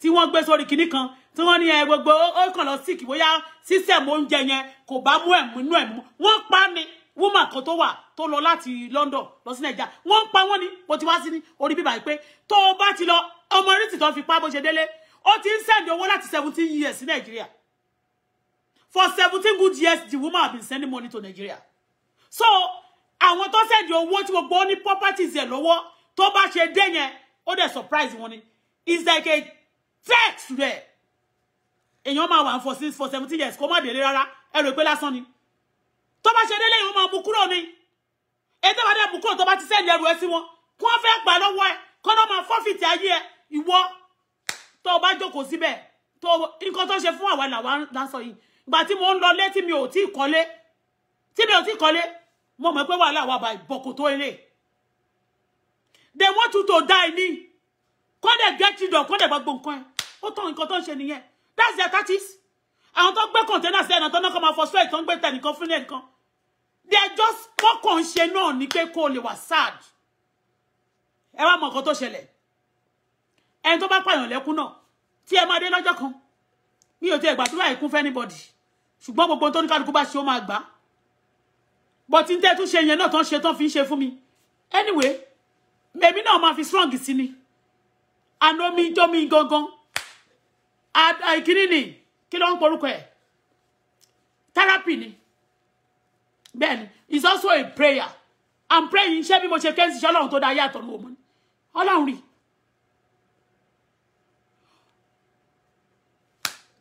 [SPEAKER 1] tí wọ́n gbé sórí kinní tí wọ́n ní ẹ gbogbo ó kàn lọ sick bóyá sísẹ̀mù oúnjẹ yẹn kò bá mú ẹ̀mú inú ẹ̀mú wọ́n pa ni woman kan tó wà tó lọ láti London lọ sí Nàìjíríà wọ́n pa wọ́n ni bó ti wá sí ní orí bíbá yìí pé tó o bá ti lọ ọmọ rìsì tó fi pa bó ṣe délé ó ti ń sẹ́ndì owó láti seventeen years sí Nàìjíríà for seventeen good years the woman have been sending money to Nigeria so àwọn tó sẹ́ndì owó tí gbogbo ní properties ẹ̀ lọ́wọ́ tó bá ṣe dé yẹn ó dẹ̀ surprise wọn ni it's like a text to èèyàn máa wà for six for seventeen years kó má délé rárá ẹ rò pé lásán ni tó bá ṣe délé yìí wọ́n máa bu kúrò ni ètò ìbàdí ẹ̀ bu kúrò tó bá ti sẹ́ẹ̀dì ẹrù ẹ sí wọn kí wọ́n fẹ́ gbà lọ́wọ́ ẹ kọ́ ló máa fọ́fìtì ayé ẹ ìwọ tó o bá jókòó síbẹ̀ tó nǹkan tó ṣe fún àwa làwa lásán yìí ìgbà tí mo ń lọ lé tí mi ò tí ì kọ́lé tí mi ò tí ì kọ́lé mo mọ̀ pé wàhálà wà bá ìbọ̀kò tó they want you to die ni kọ́ dẹ̀ get you dọ̀ kọ́ dẹ̀ gbogbo nǹkan ẹ ó tán nǹkan tó ń ṣe that's their tactics àwọn tó gbé containers lẹ́nu tó náà kọ́ máa frustrate tó ń gbé tẹnìkan fún lẹ́nìkan they are just kọ́kàn ṣe náà ni pé kó lè wà sad ẹ wá mọ nǹkan tó ṣẹlẹ̀ ẹni tó bá pààyàn lẹ́kún náà tí ẹ máa dé lọ́jọ́ kan mi ò tiẹ̀ gbàdúrà ìkún fún anybody ṣùgbọ́n gbogbo tó ní kálukú bá ṣe ó máa gbà á but n tẹ́ tún ṣe yẹn náà tán ṣe tán fi ń ṣe fún mi anyway mèmí náà máa fi strong sí ni àná mi jọ́ mi gangan àìkíní eh, ni kí ló ń porúkọ ẹ̀ therapy ni bẹ́ẹ̀ ni also a prayer i'm praying ṣé bí mo ṣe kẹ́ńsì ṣe ọlọ́run tó dá ayé àtọ̀run òun ni ọlọ́run rí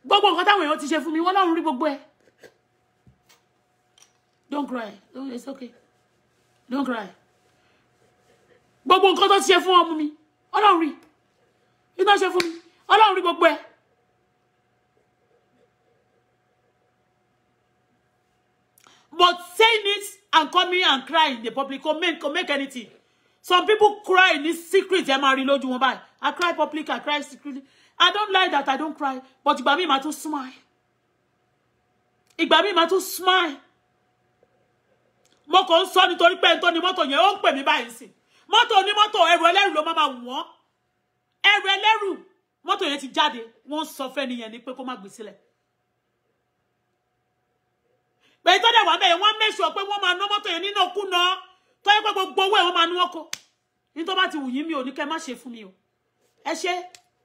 [SPEAKER 1] gbogbo nǹkan táwọn èèyàn ti ṣe fún mi wọ́n lọ́run rí gbogbo ẹ̀ don't cry don't, oh, it's okay don't cry gbogbo nǹkan tó ti ṣe fún ọmọ mi ọlọ́run rí iná ṣe fún mi ọlọ́run rí gbogbo ẹ̀. But saying it and coming and crying in the public can make, can make anything. Some people cry in this secret. Ẹ máa Lord, lójú wọn báyìí. I cry public, I cry secretly. I don't like that I don't cry. But ìgbà mi máa tún smile. Ìgbà mi máa tún smile. Mo kàn ń sọ nítorí pé ẹni tó ni mọ́tò yẹn ó ń pè mí báyìí sí. Mọ́tò onímọ́tò ẹrù ẹlẹ́rù ló máa wù wọ́n. Ẹrù ẹlẹ́rù mọ́tò yẹn ti jáde. Wọ́n sọ fẹ́ni yẹn ni pé kó má gbé sílẹ̀ pé tó dẹ̀ wá bẹ́ẹ̀ wọ́n make sure pé wọ́n máa ná mọ́tò yẹn nínú òkúná tó yẹ pé gbogbo owó ẹ̀ wọ́n máa ní wọ́n kó ní tó bá ti wù yín mi ò ní kẹ́ má ṣe fún mi o ẹ ṣe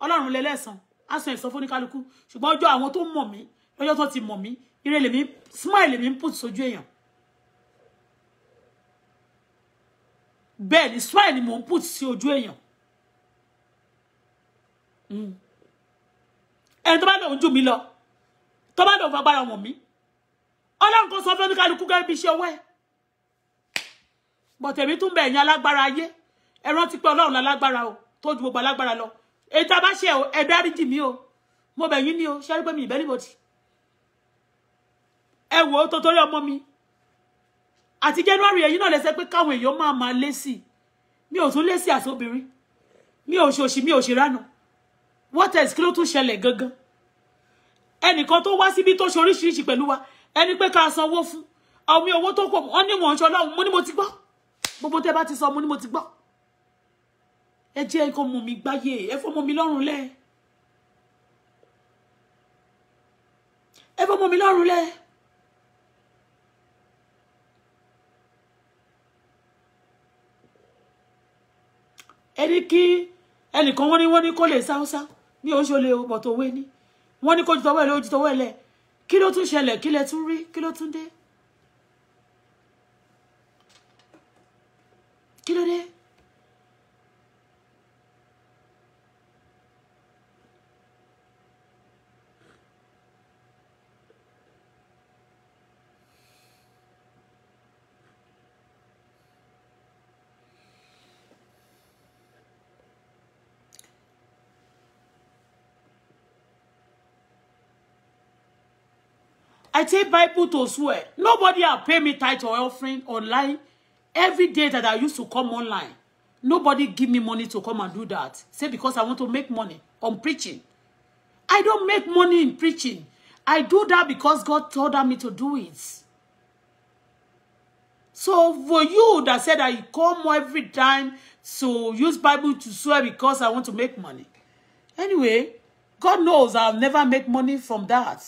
[SPEAKER 1] ọlọ́run lẹ́lẹ́sàn á san ìsọ fún oníkálukú ṣùgbọ́n ọjọ́ àwọn tó mọ̀ mí lọ́jọ́ tó ti mọ̀ mí ire lèmi smile lèmi ń put sójú èèyàn bẹ́ẹ̀ ni smile ni mò ń put sí ojú èèyàn hmm. ẹni tó bá lòun jù mí lọ tó bá lòun fagbára wọ̀n mí ọlọ́run kan sọ fún oníkálukú gẹ́gẹ́ bí iṣẹ́ ọwọ́ ẹ̀ bọ̀ tẹ̀mí tún bẹ̀ ẹ̀yin alágbára ayé ẹ rántí pé ọlọ́run lálágbára o tó ju gbogbo alágbára lọ èyí tá a bá ṣe o ẹ dáríjì mí o mo bẹ̀ yín ni o ṣe é rí pé mi ìbẹ́ níbo ti ẹ wò ó tó torí ọmọ mi àti january ẹ̀yin náà lẹ́sẹ̀ pé káwọn èèyàn máa máa lé sí mi ò tún lé sí àsobìnrin mi ò ṣòṣì mi ò ṣe ránà what else kí ló tún ṣẹlẹ̀ gangan ẹnìkan tó wá síbi tó ṣe oríṣiríṣi pẹ̀lú wa ẹni pé ká sanwó fún omi ah, owó tó kọ̀ wọ́n ní wọ́n ṣe ọlọ́run mo ní mo ti gbọ́ gbogbo tẹ́ bá ti sọ mo ní mo ti gbọ́ ẹ jẹ́ nǹkan mú mi gbáyé ẹ fọmọ mi lọ́rùn lẹ́ ẹ fọmọ mi lọ́rùn lẹ́ ẹni kí ẹnìkan wọ́n ní wọ́n ní kó lè sáúsá o oṣù olè pọ̀ tó wé ní wọ́n ní kó jù tọwọ́ ẹ̀ lé ojú tọwọ́ ẹ̀ lẹ́ẹ̀ kí ló tún ṣẹlẹ̀ kí lẹ tún rí kí ló tún dé kí ló dé. I take Bible to swear. Nobody will pay me title or offering online. Every day that I used to come online, nobody give me money to come and do that. Say because I want to make money on preaching. I don't make money in preaching. I do that because God told me to do it. So for you that said I come every time to use Bible to swear because I want to make money. Anyway, God knows I'll never make money from that.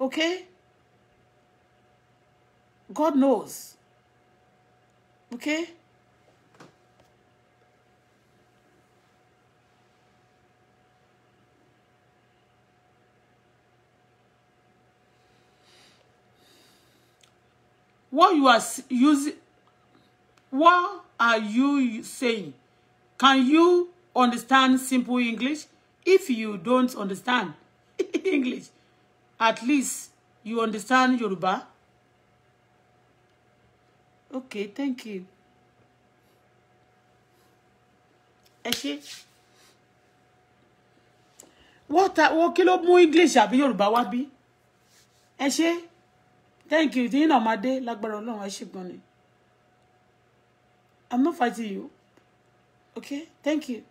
[SPEAKER 1] Okay? God knows. Okay? What you are using, what are you saying? Can you understand simple English? If you don't understand *laughs* English, at least you understand Yoruba. Okay, thank you. Ẹ What are what kilo mú English abi Yoruba wá bí? Ẹ Thank you. Dín náà máa dé lágbára Ọlọ́run ẹ ṣé I'm not fighting you. Okay, thank you.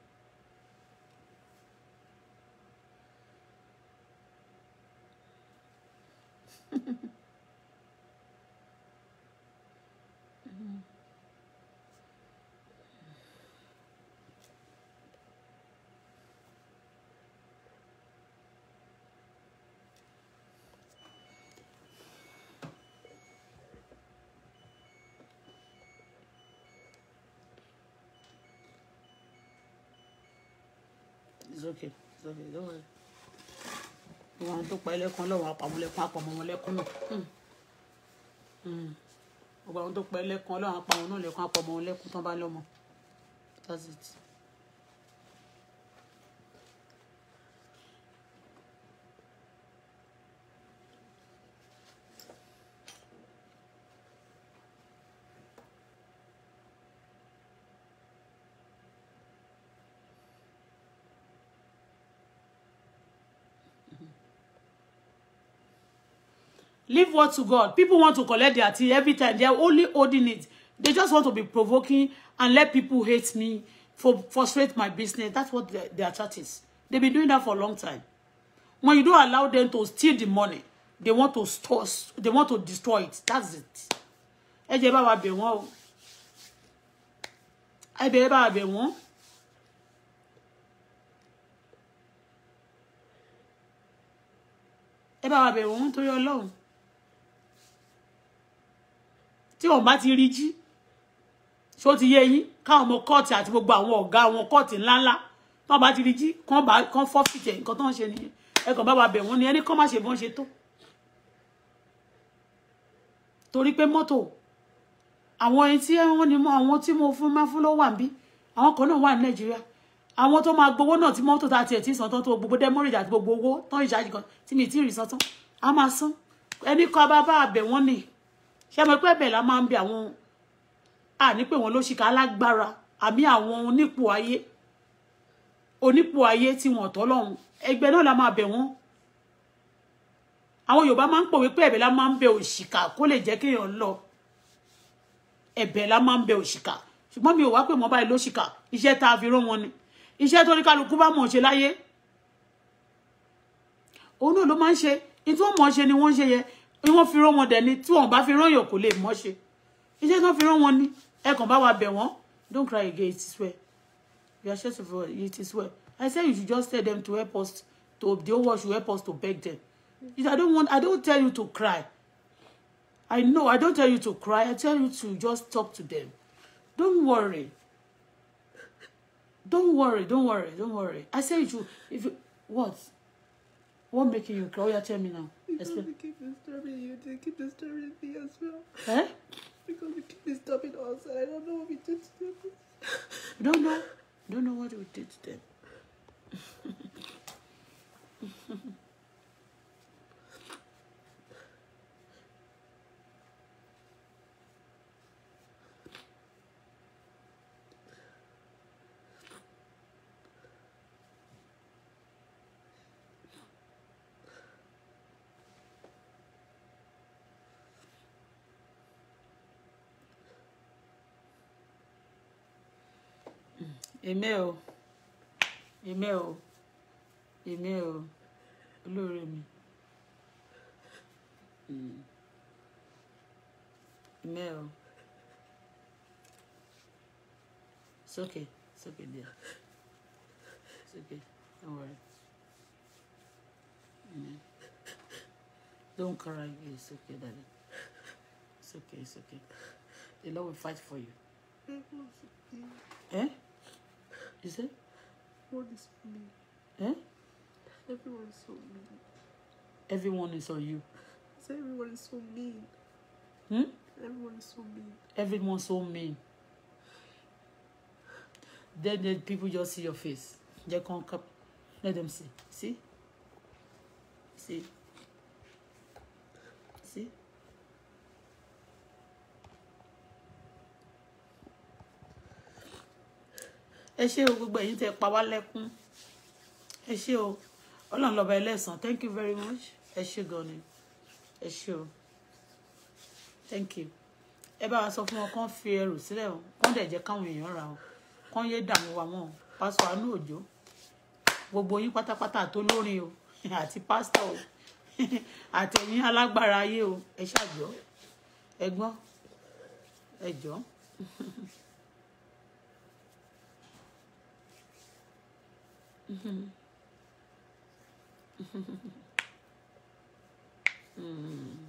[SPEAKER 1] It's okay. It's okay. Don't worry. wọn tó hmm. hmm. pa ẹlẹ́kùn ọlọ́run àpamọ́ lẹ́kùn àpamọ́ wọn lẹ́kùn náà gbogbo àwọn tó pa ẹlẹ́kùn ọlọ́run àpamọ́ náà lẹ́kùn àpamọ́ wọn lẹ́kùn tán bá lọ́mọ that's it. Leave what to God. People want to collect their tea every time. They're only holding it. They just want to be provoking and let people hate me, for frustrate my business. That's what their, their chat is. They've been doing that for a long time. When you don't allow them to steal the money, they want to store, they want to destroy it. That's it. Ẹ jẹ́ bá wa bẹ̀ tí wọ́n bá ti rí jí ṣó ti yé yín káwọn ọmọ kọ́ọ̀tì àti gbogbo àwọn ọ̀gá àwọn kọ́ọ̀tì ńláńlá tí wọ́n bá ti rí jí kán bá kán fọ́fìtẹ̀ nǹkan tó ń ṣe nìyẹn ẹkàn bá wa bẹ̀ wọ́n ni ẹni kán má ṣe bọ́n ṣe tó torí pé mọ́tò àwọn ẹni tí wọ́n ni àwọn tí mo fún máa fún ló wà níbí àwọn kan náà wà ní nàìjíríà àwọn tó máa gbowó náà tí mọ́tò tá a tiẹ̀ tí ì san tán tó gbogbo dẹ́mọ́rèjì àti gbogbo owó tán ìṣáájú kan tí mi ì tí ì rí san tán a máa san ẹni kan bá bá àbẹ̀ wọ́n nìyí ṣé mo pé bẹ́ẹ̀ la máa ń bi àwọn àní pé wọn ló ṣìkà alágbára àbí àwọn onípò ayé onípò ayé tí wọn tọ́ lọ́hùn ẹgbẹ́ náà la máa bẹ̀ wọ́n àwọn Yorùbá máa ń pòwe pé ẹ̀bẹ̀ la máa ń bẹ òṣìkà kó lè jẹ́ kéèyàn lọ ẹ̀bẹ̀ la máa ń bẹ òṣìkà ṣùgbọ́n mi ò wá pè wọ́n báyìí lóṣìkà iṣẹ́ tá a fi rán wọn ni iṣẹ́ tó ní kálukú bá mọ̀ ṣe láyé òun náà ló máa ń ṣe ìtú ọmọ ṣe ni wọ́n ṣe yẹn ni wọ́n fi rán wọn dẹ̀ ni tí wọ́n bá fi rán yàn kò lè mọ́ ṣe iṣẹ́ tí fi rán wọn ni ẹ bá wa bẹ̀ wọ́n don't cry again it is well you are sure for it is well I say you should just tell them to help us to the whole world should help us to beg them I don't want I don't tell you to cry I know I don't tell you to cry I tell you to just talk to them don't worry don't worry don't worry don't worry I say you should if you what What making you cry? tell me now. Because Explain. we keep disturbing you, they keep disturbing me as well. Eh? Because we keep disturbing us, and I don't know what we did to them. don't know. Don't know what we did to them. *laughs* èmi o èmi o èmi o olóore mi hmm. èmi o it's okay it's okay dear it's okay don't worry mm. don't cry it's okay darling it's okay it's okay the Lord will fight for you. Eh? You say, "What is mean. Eh? Everyone is so mean. Everyone is on you. So everyone is so mean. Hmm? Everyone is so mean. Everyone so mean. Then the people just see your face. They can't cap. Let them see. See? See? ẹ ṣé o gbogbo ẹ̀yin tẹ́ pa wá lẹ́kún ẹ ṣé o ọlọ́run lọ́ba ẹlẹ́sàn thank you very much ẹ ṣé gan ẹ ṣé o thank you ẹ bá wa sọ fún wọn kán fi ẹrù sílẹ̀ o kán dẹ̀ jẹ́ káwọn èèyàn ra o kán yé dààmú wa mọ́ o pásọ àánú òjò gbogbo yín pátápátá tó lórin o *laughs* àti pásítọ̀ o *laughs* àtẹ̀yìn alágbára ayé o ẹ ṣàjọ ẹ gbọ́ ẹ jọ. *laughs* Mm-hmm. *laughs* mm.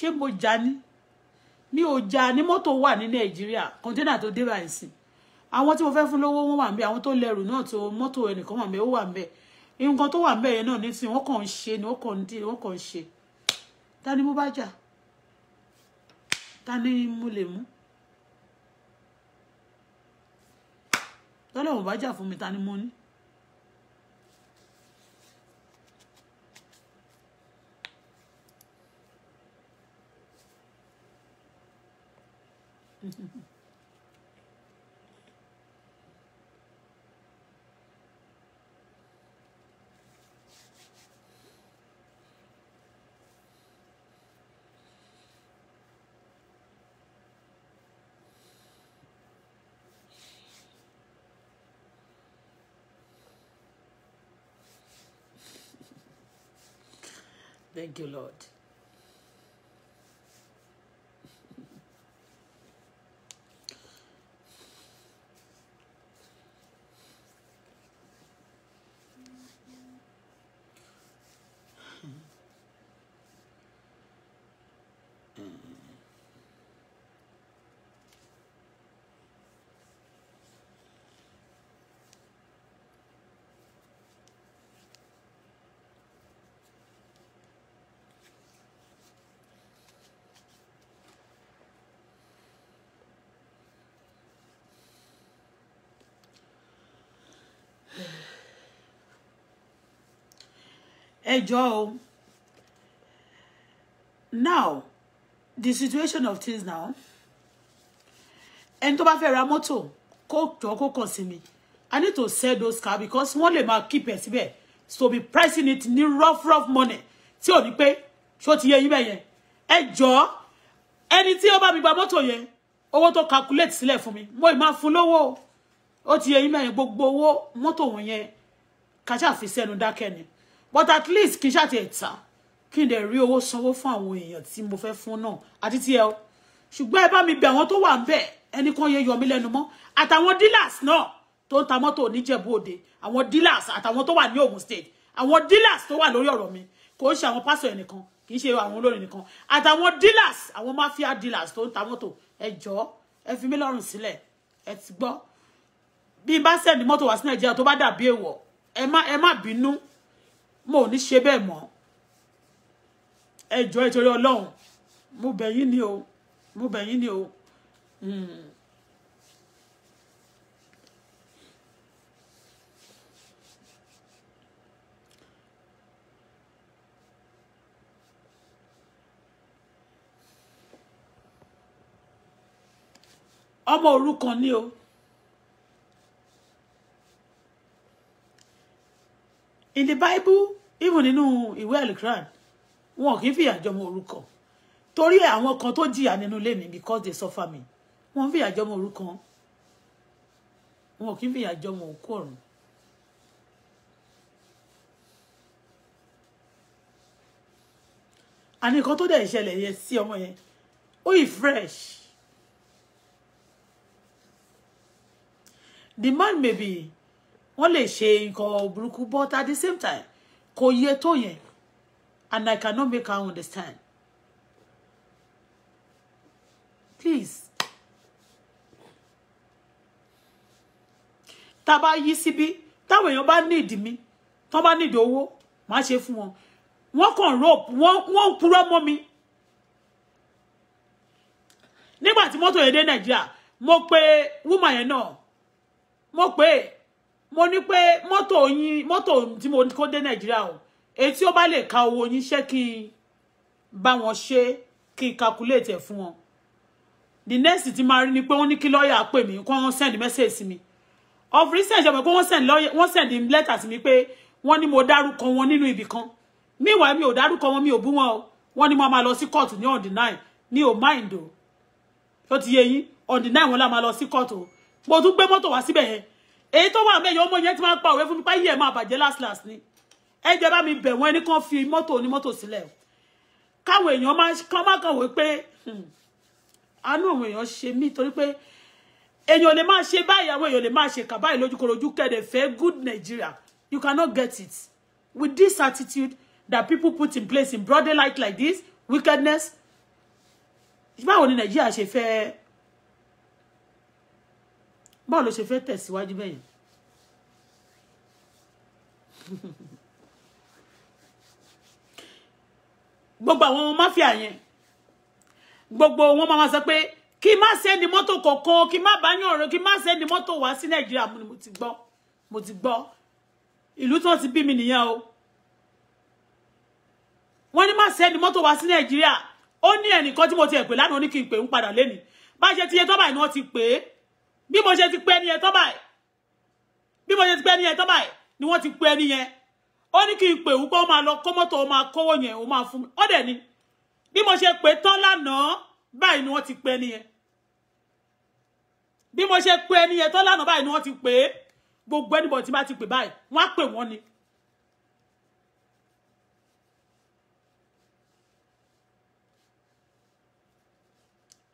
[SPEAKER 1] ṣé mo jà ní mi ò jà ní mọ́tò wà ní nàìjíríà kọ́ńténà tó dé báyìí sí àwọn tí mo fẹ́ fún lówó wọn wà ń bẹ àwọn tó lẹ́rù náà tó mọ́tò ẹnìkan wà ń bẹ ó wà ń bẹ nǹkan tó wà ń bẹ yẹn náà ní sí wọn kàn ń ṣe ni wọn kàn ń dì wọn kàn ń ṣe ta ni mo bá jà ta ni mo lè mú tọ́lọ́wọ̀n bá jà fún mi ta ni mo ní Thank you, Lord. ẹjọ́ o now the situation of things now ẹni tó bá fẹ́ ra mọ́tò kó jọ kó kàn sí mi i need to sell those car because wọ́n lè máa keep ẹ̀ síbẹ̀ so be pricing it ní rough rough money tí ò ní pé So ti yẹ yín bẹ́ẹ̀ yẹn ẹ jọ ẹni tí ó bá mi gba mọ́tò yẹn owó tó calculate sílẹ̀ fún mi mo ì máa fún lówó ó ti ye. yín bẹ́ẹ̀ yẹn gbogbo owó mọ́tò wọn yẹn kàṣà fi sẹ́nu dákẹ́ ni but at least kí n ṣáà ti ẹ̀ tà kí n dẹ̀ rí owó sanwó fún àwọn mo fe fún náà ati tí ẹ o ṣùgbọ́n ẹ bá mi bẹ àwọn to wà ń eni kon ye yo yọ mí lẹ́nu mọ́ àtàwọn dealers náà tó ń ta mọ́tò oníjẹ̀bú òde àwọn dealers àtàwọn tó wà ní Ogun State àwọn dealers tó wà lórí ọ̀rọ̀ mi kò ń ṣe àwọn pásọ̀ ẹnìkan kì í ṣe àwọn olórin nìkan àtàwọn dealers àwọn mafia dealers tó ń ta mọ́tò ẹ jọ̀ọ́ ẹ fi mí lọ́rùn sílẹ̀ ẹ ti gbọ́ bí n bá sẹ́ni mọ́tò wá sí Nàìjíríà tó bá dàbí èèwọ̀ ẹ má ẹ má bínú mo ò ní ṣe bẹ́ẹ̀ mọ́ ẹjọ́ ìtorí ọlọ́run mo bẹ̀ yín ni o mo bẹ̀ yín ni o hmm. ọmọ òrukàn ni o. In the Bible, even nínú ìwé alikran wọn kì í fìyà jọmọ orúkọ torí àwọn kan tó jìyà nínú ilé mi because they suffer me wọn fìyà jọmọ orúkọ wọn kì í fìyà jọmọ òkú ọ̀run àní nǹkan tó dẹ̀ ìṣẹ̀lẹ̀ yẹn sí ọmọ yẹn ó yìí fresh the man maybe wọ́n lè ṣe nǹkan burúkú but at the same time kò yé tó yẹn and I cannot make her understand please Taba a bá yí síbí táwọn èèyàn bá nídìí mi tó bá nídìí owó màá ṣe fún wọn wọ́n kàn rope wọ́n ń purọ́ mọ́ mi nígbà tí mọ́tò yẹn dé nàìjíríà mo pe woman yẹn náà mo pe mo ní pé mọ́tò yín mọ́tò tí mo kó dé nàìjíríà o èyí tí ó bá lè ka owó yín ṣé kí n bá wọn ṣe kí n calculate ẹ̀ fún wọn the next ti máa rí ni pé wọ́n ní kí lọ́ọ̀yà pè mí kó wọ́n send message sí mi of recent ṣe mọ̀ pé wọ́n send lọ́ọ̀yà wọ́n send letter sí mi pé wọ́n ní mo dárúkọ wọn nínú ibì kan meanwhile mi ò dárúkọ wọn mi ò bú wọn o wọ́n ní mo máa lọ sí court ní on the nine ní o mind o tó ti yé yín on the nine wọn la máa lọ sí court o mo tún gbé mọ́tò wá síbẹ̀ yẹn èyí tó wà mẹ́yìn ọmọ yẹn ti máa ń pa òwe fún mi páyé ẹ̀ máa bàjẹ́ last last ni ẹ jẹ́ bá mi bẹ̀ wọ́n ẹni kan fi mọ́tò onímọ́tò sílẹ̀ o káwọn èèyàn kan má kàn wé pé hmm, àánú àwọn èèyàn ṣe mí torí pé èèyàn lè máa ṣe báyìí àwọn èèyàn lè máa ṣe kàbáyìí lójúkorojú kẹ́dẹ̀ fẹ́ good Nigeria you cannot get it with this attitude that people put in place in broad daylight like this wickedness báwo ni Nàìjíríà ṣe fẹ́ báwo ló ṣe fẹ́ tẹ̀síwájú bẹ́ẹ̀ yẹn. gbogbo àwọn máfíà yẹn gbogbo wọn máa sọ pé kí má sẹ́ni mọ́tò kọ̀ọ̀kan kí má bá yàn ọ̀rọ̀ kí má sẹ́ni mọ́tò wá sí nàìjíríà mo ti gbọ́ mo ti gbọ́ ìlú tí wọ́n ti bí mi nìyẹn o wọ́n ní má sẹ́ni mọ́tò wá sí nàìjíríà ó ní ẹnìkan tí mo ti ẹ̀ pè lánàá ó ní kí n pè ń padà lénìí bá ṣe ti yẹ tọ́ba ìnáwó ti pè é bí mo ṣe ti pẹ́ ẹni yẹn tán báyìí bí mo ṣe ti pẹ́ ẹni yẹn tán báyìí ni wọ́n ti pẹ́ ẹni yẹn ó ní kí n pè wípé ó máa lọ kọ́mọ́tò ó máa kówó yẹn ó máa fún mi ó dẹ̀ ni bí mo ṣe pè tán lánàá báyìí ni wọ́n ti pẹ́ ẹni yẹn bí mo ṣe pè ẹni yẹn tán lánàá báyìí ni wọ́n ti pè é gbogbo ẹnìbọ̀ tí bá ti pè báyìí wọ́n á pè wọ́n ni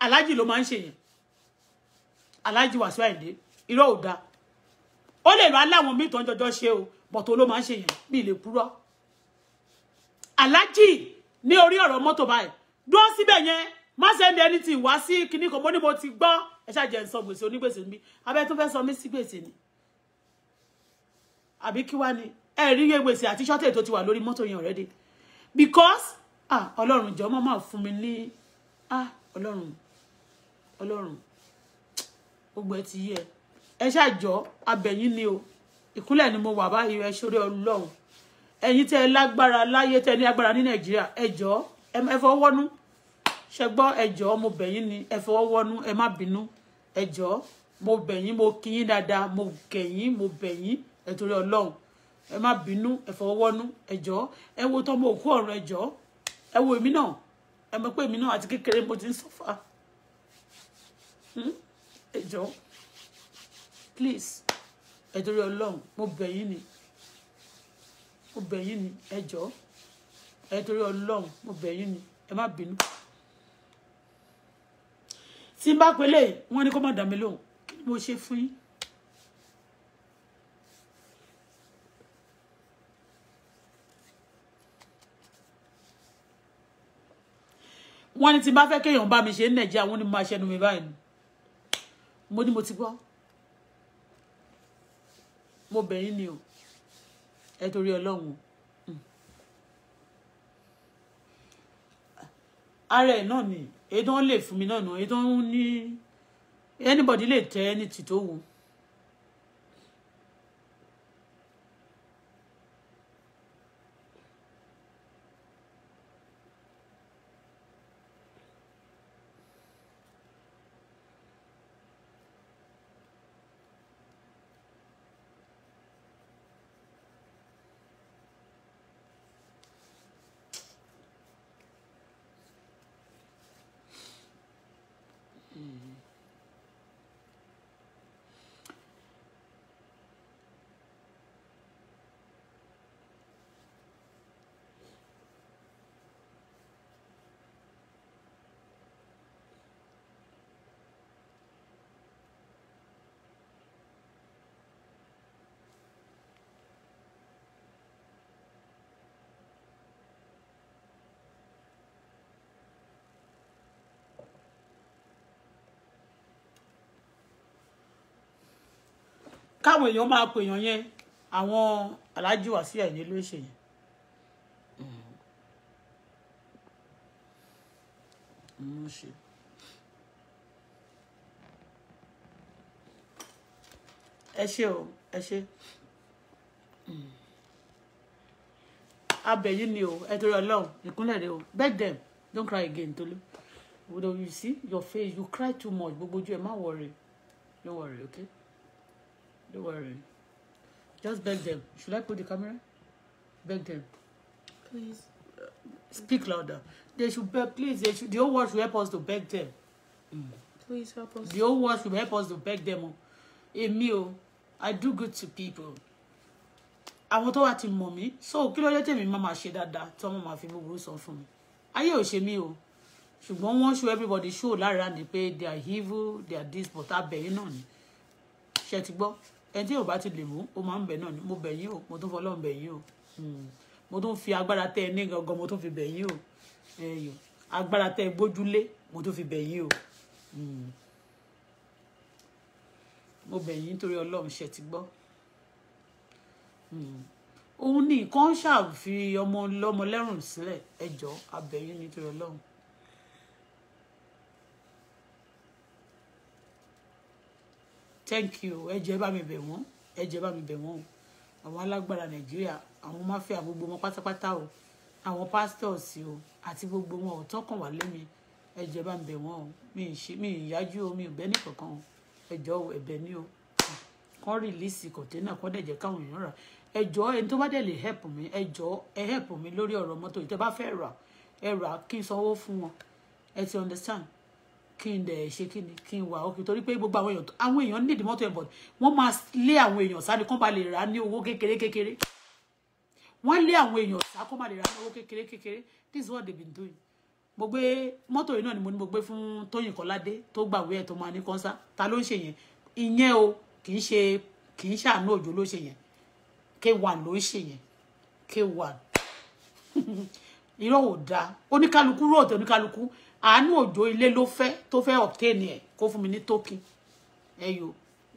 [SPEAKER 1] aláàjì ló máa ń ṣe aláàjì wàsíù àìdè irọ́ ò da ó lè lọ aláwọn míì tó ń jọjọ ṣe o bọ̀tò ló máa ń ṣe yẹn bí ilé purọ́ aláàjì ní orí ọ̀rọ̀ mọ́tò báyìí dúró síbẹ̀ yẹn má sẹ́ndì anything wá sí kinní kan mo ní mo ti gbọ́ ẹ ṣàjẹ́ ń sọ gbèsè onígbèsè mi abẹ́ tó fẹ́ sọ mí sí gbèsè ni àbí kí wá ni ẹ rí iye gbèsè àti ṣọ́tẹ̀ tó ti wà lórí mọ́tò yẹn already because ah ọlọ́run jọ̀ọ́ má máa fún mi ní ah ọlọ́run ọlọ́run gbogbo ẹ ti yẹ ẹ ṣàjọ abẹ̀yìn ni o ìkúnlẹ̀ ni mo wà báyìí ẹ ṣorí ọlọ́run ẹ̀yin tẹ́ ẹ lágbára láyé tẹ́ ẹ ní agbára ní nàìjíríà ẹ jọ ẹ fọwọ́ wọ́nú ṣe gbọ́ mo bẹ̀yìn ni ẹ fọwọ́ wọ́nú ẹ má bínú ẹ mo bẹ̀yìn mo kíyín dáadáa mo kẹ̀yìn mo bẹ̀yìn ẹ torí ọlọ́run ẹ má bínú ẹ fọwọ́ wọ́nú ẹ jọ ẹ wo tọmọ òkú ọ̀run ẹ jọ ẹ wo èmi náà ẹ mọ̀ pé èmi náà àti kékeré mo ti ń sọ́fà. Hmm? ẹjọ please ẹtorí Ọlọ́run mo bẹ̀ yín ni mo bẹ̀ yín ni ẹjọ ẹtorí Ọlọ́run mo bẹ̀ yín ni ẹ má bínú tí n bá pélé wọn ní kó má dá mi lóhùn kí ni mo ṣe fún yín. wọ́n ní tí n bá fẹ́ kéèyàn bá mi ṣe ní nàìjíríà wọ́n ní mo máa ṣẹnu mi báyìí mo ní mo ti gbọ́ mo bẹ̀ yín ni o ẹ torí ọlọ́run hmm. ara ẹ̀ náà ni èdè wọn lè fún mi náà nù èdè wọn ní anybody lè tẹ ẹni tì tó wù káwọn èèyàn máa pè èèyàn yẹn àwọn aláàjì wá sí àìní ló ṣe yẹn. mo ṣe. ẹ ṣe o ẹ ṣe abẹ yìí ni o ẹ torí Ọlọ́run ìkúnlẹ̀ rẹ o beg them don't cry again Tolu you see your face you cry too much gbogbo ojú ẹ má worry don't worry okay. Don't worry. Just beg them. Should I put the camera? Beg them. Please. Uh, speak louder. They should beg, please. They should, the old ones will help us to beg them. Mm. Please help us. The old ones will help us to beg them. Èmi I do good to people. I want to ti him, mommy. So kí ló dé tèmi Mama máa that that. tí wọ́n máa fi búburú sọ fún mi. Ayé ò ṣe mí o. Ṣùgbọ́n wọ́n show everybody show around. ni pay. they are evil, they are this, but abẹ̀yìn náà ni. Ṣé ti gbọ́? ẹni tí yóò bá ti lè mú ó máa ń bẹ̀ náà ni mo bẹ̀ yín o mo tún fọ́ lọ́n bẹ̀ yín o hmm. mo tún fi agbára tẹ ẹ ní gangan mo tún fi bẹ̀ yín o ẹyọ agbára tẹ ẹ gbójúlé mo tún fi bẹ̀ yín o hmm. mo bẹ̀ yín torí ọlọ́run ṣe ti gbọ́ hmm. òun ni nǹkan ṣàfi ọmọ lọ́mọ lẹ́rùn sílẹ̀ ẹjọ́ abẹ́yìn nítorí ọlọ́run thank you ẹ bá mi bẹ̀ wọ́n ẹ jẹ́ bá mi bẹ̀ wọ́n o àwọn alágbára nàìjíríà àwọn máfíà gbogbo wọn pátápátá o àwọn pastors o àti gbogbo wọn ò tọkàn wá lémi ẹ bá mi bẹ̀ wọ́n o mi ì ṣe mi ì yájú o mi ò bẹ̀ ní kankan o ẹ jọ̀ọ́ ni o kàn rìlíìsì kọ̀tẹ́nà kọ́ dẹ̀ jẹ́ káwọn èèyàn rà ẹ jọ̀ọ́ ẹni tó bá dẹ̀ lè help mi ẹ ẹ help mi lórí ọ̀rọ̀ mọ́tò yìí tẹ́ bá fẹ́ rà ẹ rà kí n sanwó fún wọn ẹ ti understand kí n dẹ̀ ṣe kí ni kí n wà ókè torí pé gbogbo àwọn èèyàn àwọn èèyàn nídìí mọ́tò ẹ̀ but wọ́n máa lé àwọn èèyàn sá ni kán bá lè rà ní owó kékeré kékeré wọ́n lé àwọn èèyàn sá kán bá lè rà ní owó kékeré kékeré this is what they been doing mo gbé mọ́tò yìí náà ni mo ní mo gbé fún Tóyìn Kọ́ládé tó gbàwé ẹ̀ tó máa ní kọ́nsá ta ló ń ṣe yẹn ìyẹn o kì í ṣe kì í ṣàánú òjò ló ṣe yẹn k1 ló ń *laughs* àánú òjò ilé ló fẹ́ tó fẹ́ obtain ẹ̀ kó fún mi ní token ẹyọ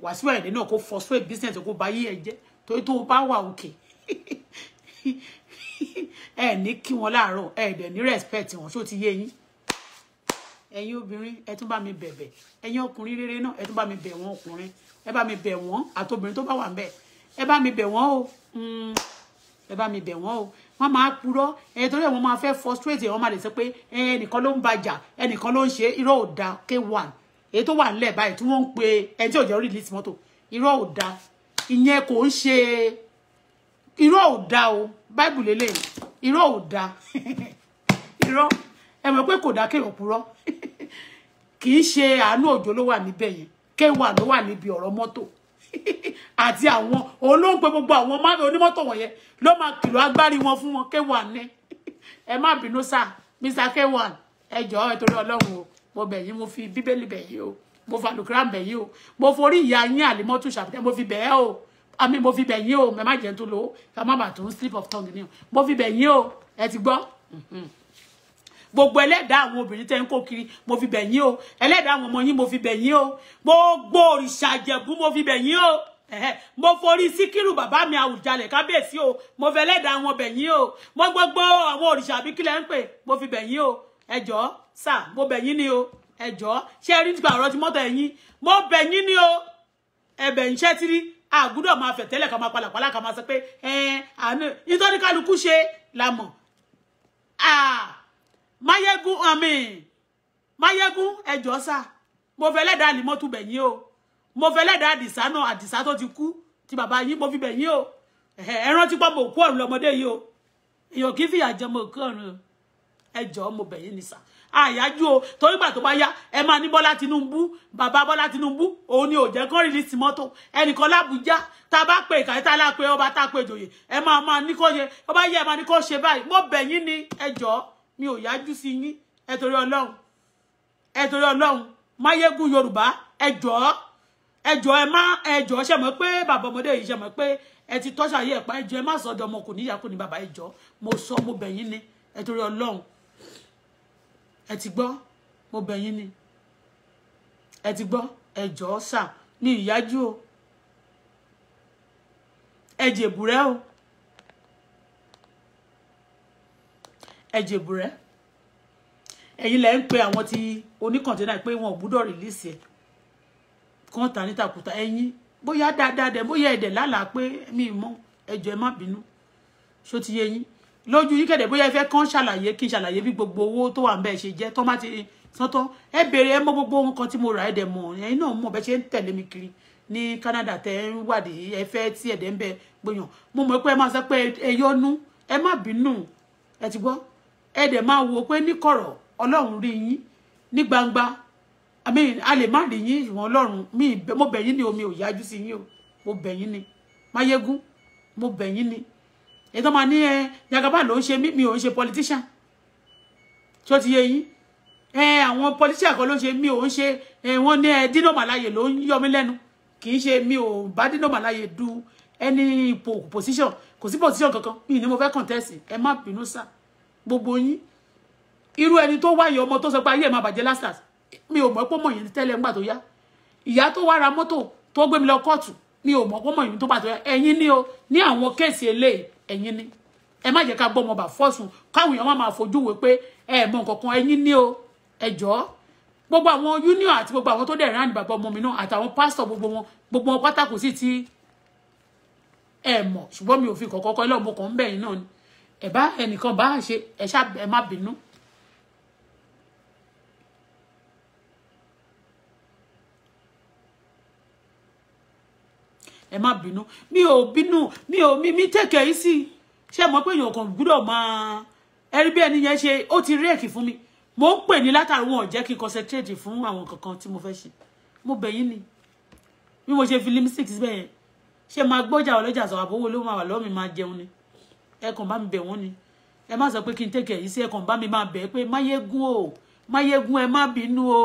[SPEAKER 1] wàásù ẹ̀dẹ̀ náà kó fọ́sọ́ business kó ba yí ẹ jẹ́ torí tó bá wà òkè ẹ ní kí wọn láàárọ̀ ẹ dẹ̀ ní respect wọn ṣó ti yé yín ẹ̀yin obìnrin ẹ tún bá mi bẹ̀bẹ̀ ẹ̀yin ọkùnrin rere náà ẹ tún bá mi bẹ̀ wọ́n ọkùnrin ẹ bá mi bẹ̀ wọ́n àtobìnrin tó bá wà ń bẹ̀ ẹ bá mi bẹ̀ wọ́n o hmm, ẹ bá mi bẹ̀ wọ́n o wọ́n máa purọ́ ẹni torí àwọn máa fẹ́ frustrate wọ́n máa lè sọ pé ẹnìkan ló ń bàjà ẹnìkan ló ń ṣe irọ́ ò da k1 èyí tó wà nílẹ̀ báyìí tí wọ́n ń pe ẹni tí ò jẹ́ release mọ́tò irọ́ ò da ìyẹn kò ń ṣe irọ́ ò da o báìbù lélẹ̀ irọ́ ò da *laughs* irọ́ ẹ mọ̀ pé kò dá kéèyàn purọ́ *laughs* kì í ṣe àánú òjò ló wà níbẹ̀ yẹn k1 ló wà níbi ọ̀rọ̀ mọ́tò *laughs* àti àwọn olóńgbé gbogbo àwọn onímọ́tò wọ̀nyẹn ló máa kìlọ̀ agbárí wọn fún wọn kéwàá ní ẹ má bínú sá mr kéwàá ẹ jọ̀ọ́ ẹ ọlọ́run o mo bẹ̀ yín mo fi bíbélì bẹ̀ yín o mo fa bẹ̀ yín o mo forí ìyá yín àlímọ́tù ṣàbùtẹ́ mo fi bẹ̀ ẹ́ o àmì mo fi bẹ̀ yín o mẹ́ má tó lò ó ká má bàa slip of tongue ni o mo fi bẹ̀ yín o ẹ ti gbọ́. Mm-hmm gbogbo ẹlẹ́dàá àwọn obìnrin tẹ́ ń kó kiri mo fi bẹ̀ yín o ẹlẹ́dàá àwọn ọmọ yín mo fi bẹ̀ yín o gbogbo òrìṣà àjẹ̀bú mo fi bẹ̀ yín o mo forí síkírù bàbá mi àwùjalẹ̀ kábíyèsí o mo fẹ́ ẹlẹ́dàá àwọn bẹ̀ yín o mo gbogbo àwọn òrìṣà àbí kílẹ̀ ń pè mo fi bẹ̀ yín o ẹjọ́ sà mo bẹ̀ yín ni o ẹjọ́ ṣé ẹ rí nípa ọ̀rọ̀ tí mọ́tò ẹ̀yìn mo bẹ̀ yín ni o ẹ̀bẹ̀ ń ṣẹ́tírí àgúdọ̀ máa fẹ̀ tẹ́lẹ̀ ká máa palàpalà ká máa sọ pé ẹ̀ẹ́n àánú nítorí kálukú ṣe la mayegun àmì mayegun ẹjọ sá mo fẹ́ lẹdàá ni mo tún bẹ̀ yín o mo fẹ́ lẹdàá àdìsá náà àdìsá tó ti kú ti bàbá yín mo fi bẹ̀ yín o ẹran tí pọ mo kú ọrùn lọmọdé yìí o èèyàn kì í fìyà jẹ mo kú ọrùn ẹjọ mo bẹ̀ yín ni sá àyájú o torí gbà tó bá yá ẹ máa ní Bọ́lá Tinubu bàbá Bọ́lá Tinubu òun ni ò jẹ́ kán rìlísì mọ́tò ẹnìkan lábújá tá a bá pè ìkàyé tá a lápè ọba tá a pè jòyè ẹ máa máa ní kó yẹ ọba yẹ ẹ máa ní kó mo bẹ̀ yín ni ẹjọ́ mi ò yájú sí yín ẹ torí Ọlọ́run ẹ torí Ọlọ́run máyégún Yorùbá ẹ jọ̀ọ́ ẹ jọ̀ọ́ ẹ má ẹ jọ̀ọ́ ṣe mọ̀ pé bàbá ọmọdé yìí ṣe mọ̀ pé ẹ ti tọ́ṣà yẹ ẹ̀pá ẹ ẹ má sọ̀dọ̀ ọmọ kò níyà kò bàbá ẹ mo sọ mo bẹ̀ yín ni ẹ torí ẹ ti gbọ́ mo bẹ̀ yín ni ẹ ti gbọ́ ẹ jọ̀ọ́ sà ní ìyájú o ẹ jèbùrẹ́ o ẹ̀jẹ̀bù rẹ̀ ẹ̀yin lẹ́ ń pe àwọn ti oníkọ̀ntẹ́nà pé wọn ò gbúdọ̀ rìlíìsì ẹ̀ kàn tà nítakùtà ẹ̀yin bóyá dáadáa dẹ̀ bóyá ẹ̀dẹ̀ lálàá pé mi ì mọ̀ ẹ̀jọ̀ ẹ má bínú ṣó ti yé yín lójú yín kẹ̀dẹ̀ bóyá ẹ fẹ́ kàn ṣàlàyé kí n ṣàlàyé bí gbogbo owó tó wà ń bẹ́ẹ̀ ṣe jẹ́ tó má ti sọ́tọ́ ẹ béèrè ẹ mọ̀ gbogbo ohun kan tí mo rà ẹ̀dẹ̀ mọ̀ ẹ̀yin náà mọ̀ bẹ́ẹ̀ ṣe ń tẹ̀lé mi kiri ní Canada tẹ́ ń wádìí ẹ fẹ́ tí ẹ̀dẹ̀ ń bẹ gbóyàn mo mọ̀ pé ẹ máa sọ pé ẹ yọnu ẹ má bínú ẹ ti gbọ́ ẹ dẹ̀ máa wo pé níkọ̀rọ̀ ọlọ́run rí yín ní gbangba i a lè má rí yín ìwọ̀n ọlọ́run mo bẹ̀ yín ni omi ò yájú sí yín o mo bẹ̀ yín ni máyégún mo bẹ̀ yín ni èyí tó máa ní ẹ jagaba ló ń ṣe mí mi ò ń ṣe politician tí ó ti yé yín ẹ àwọn politician kan ló ń ṣe mí ò ń ṣe ẹ wọn ní ẹ dínà màláyè ló ń yọ mí lẹ́nu kì í ṣe mi ò bá dínà màláyè du ẹni ipò position kò sí position kankan mi ni mo fẹ́ contest ẹ má bínú sáà gbogbo yín irú ẹni tó wáyé ọmọ tó sọ pé ayé ẹ̀ máa bàjẹ́ lásàs mi ò mọ̀ pé mọ̀ yẹn tẹ́lẹ̀ ńgbà tó yá ìyá tó wá ra mọ́tò tó gbé mi lọ kóòtù mi ò mọ̀ pé mọ̀ yẹn tó bàtọ́ yá ẹ̀yin ni o ní àwọn kéèsì eléyìí ẹ̀yin ni ẹ má jẹ́ ká gbọ́ ọmọ bà fọ́sùn káwọn èèyàn máa fojú wé pé ẹ mọ̀ nǹkan ẹ̀yin ni o ẹ̀jọ́ gbogbo àwọn union àti gbogbo àwọn tó dẹ̀ rán bàbá ọmọ mi náà àtàwọn pásítọ̀ gbogbo wọn gbogbo wọn pátákó sì ti ẹ mọ̀ ṣùgbọ́n mi ò fi kọ̀kọ́ kọ́ lọ́mọ kan ń bẹ̀yìn náà ni ẹ bá ẹnìkan bá ṣe ẹ ṣá ẹ má bínú. ẹ má bínú mi ò bínú mi ò mi mi tẹ̀kẹ̀ yìí sí ṣé mo pé èèyàn kan gbúdọ̀ máa ẹrí bí ẹni yẹn ṣe ó ti rẹ́ẹ̀kì fún mi mo ń pè ní látàrí wọn ò jẹ́ kí n concentrate fún àwọn kankan tí mo fẹ́ ṣe mo bẹ̀ ni bí mo ṣe fi limp six bẹ́ẹ̀ yẹn ṣe máa gbọ́jà ọlọ́jà sọ àbówó ló máa wà lọ́ọ́ máa jẹun ni ẹ kàn bá mi bẹ̀ wọ́n ni ẹ má sọ pé kí n tẹ̀kẹ̀ yìí sí ẹ kàn bá mi máa bẹ̀ pé máyégún o máyégún ẹ má bínú o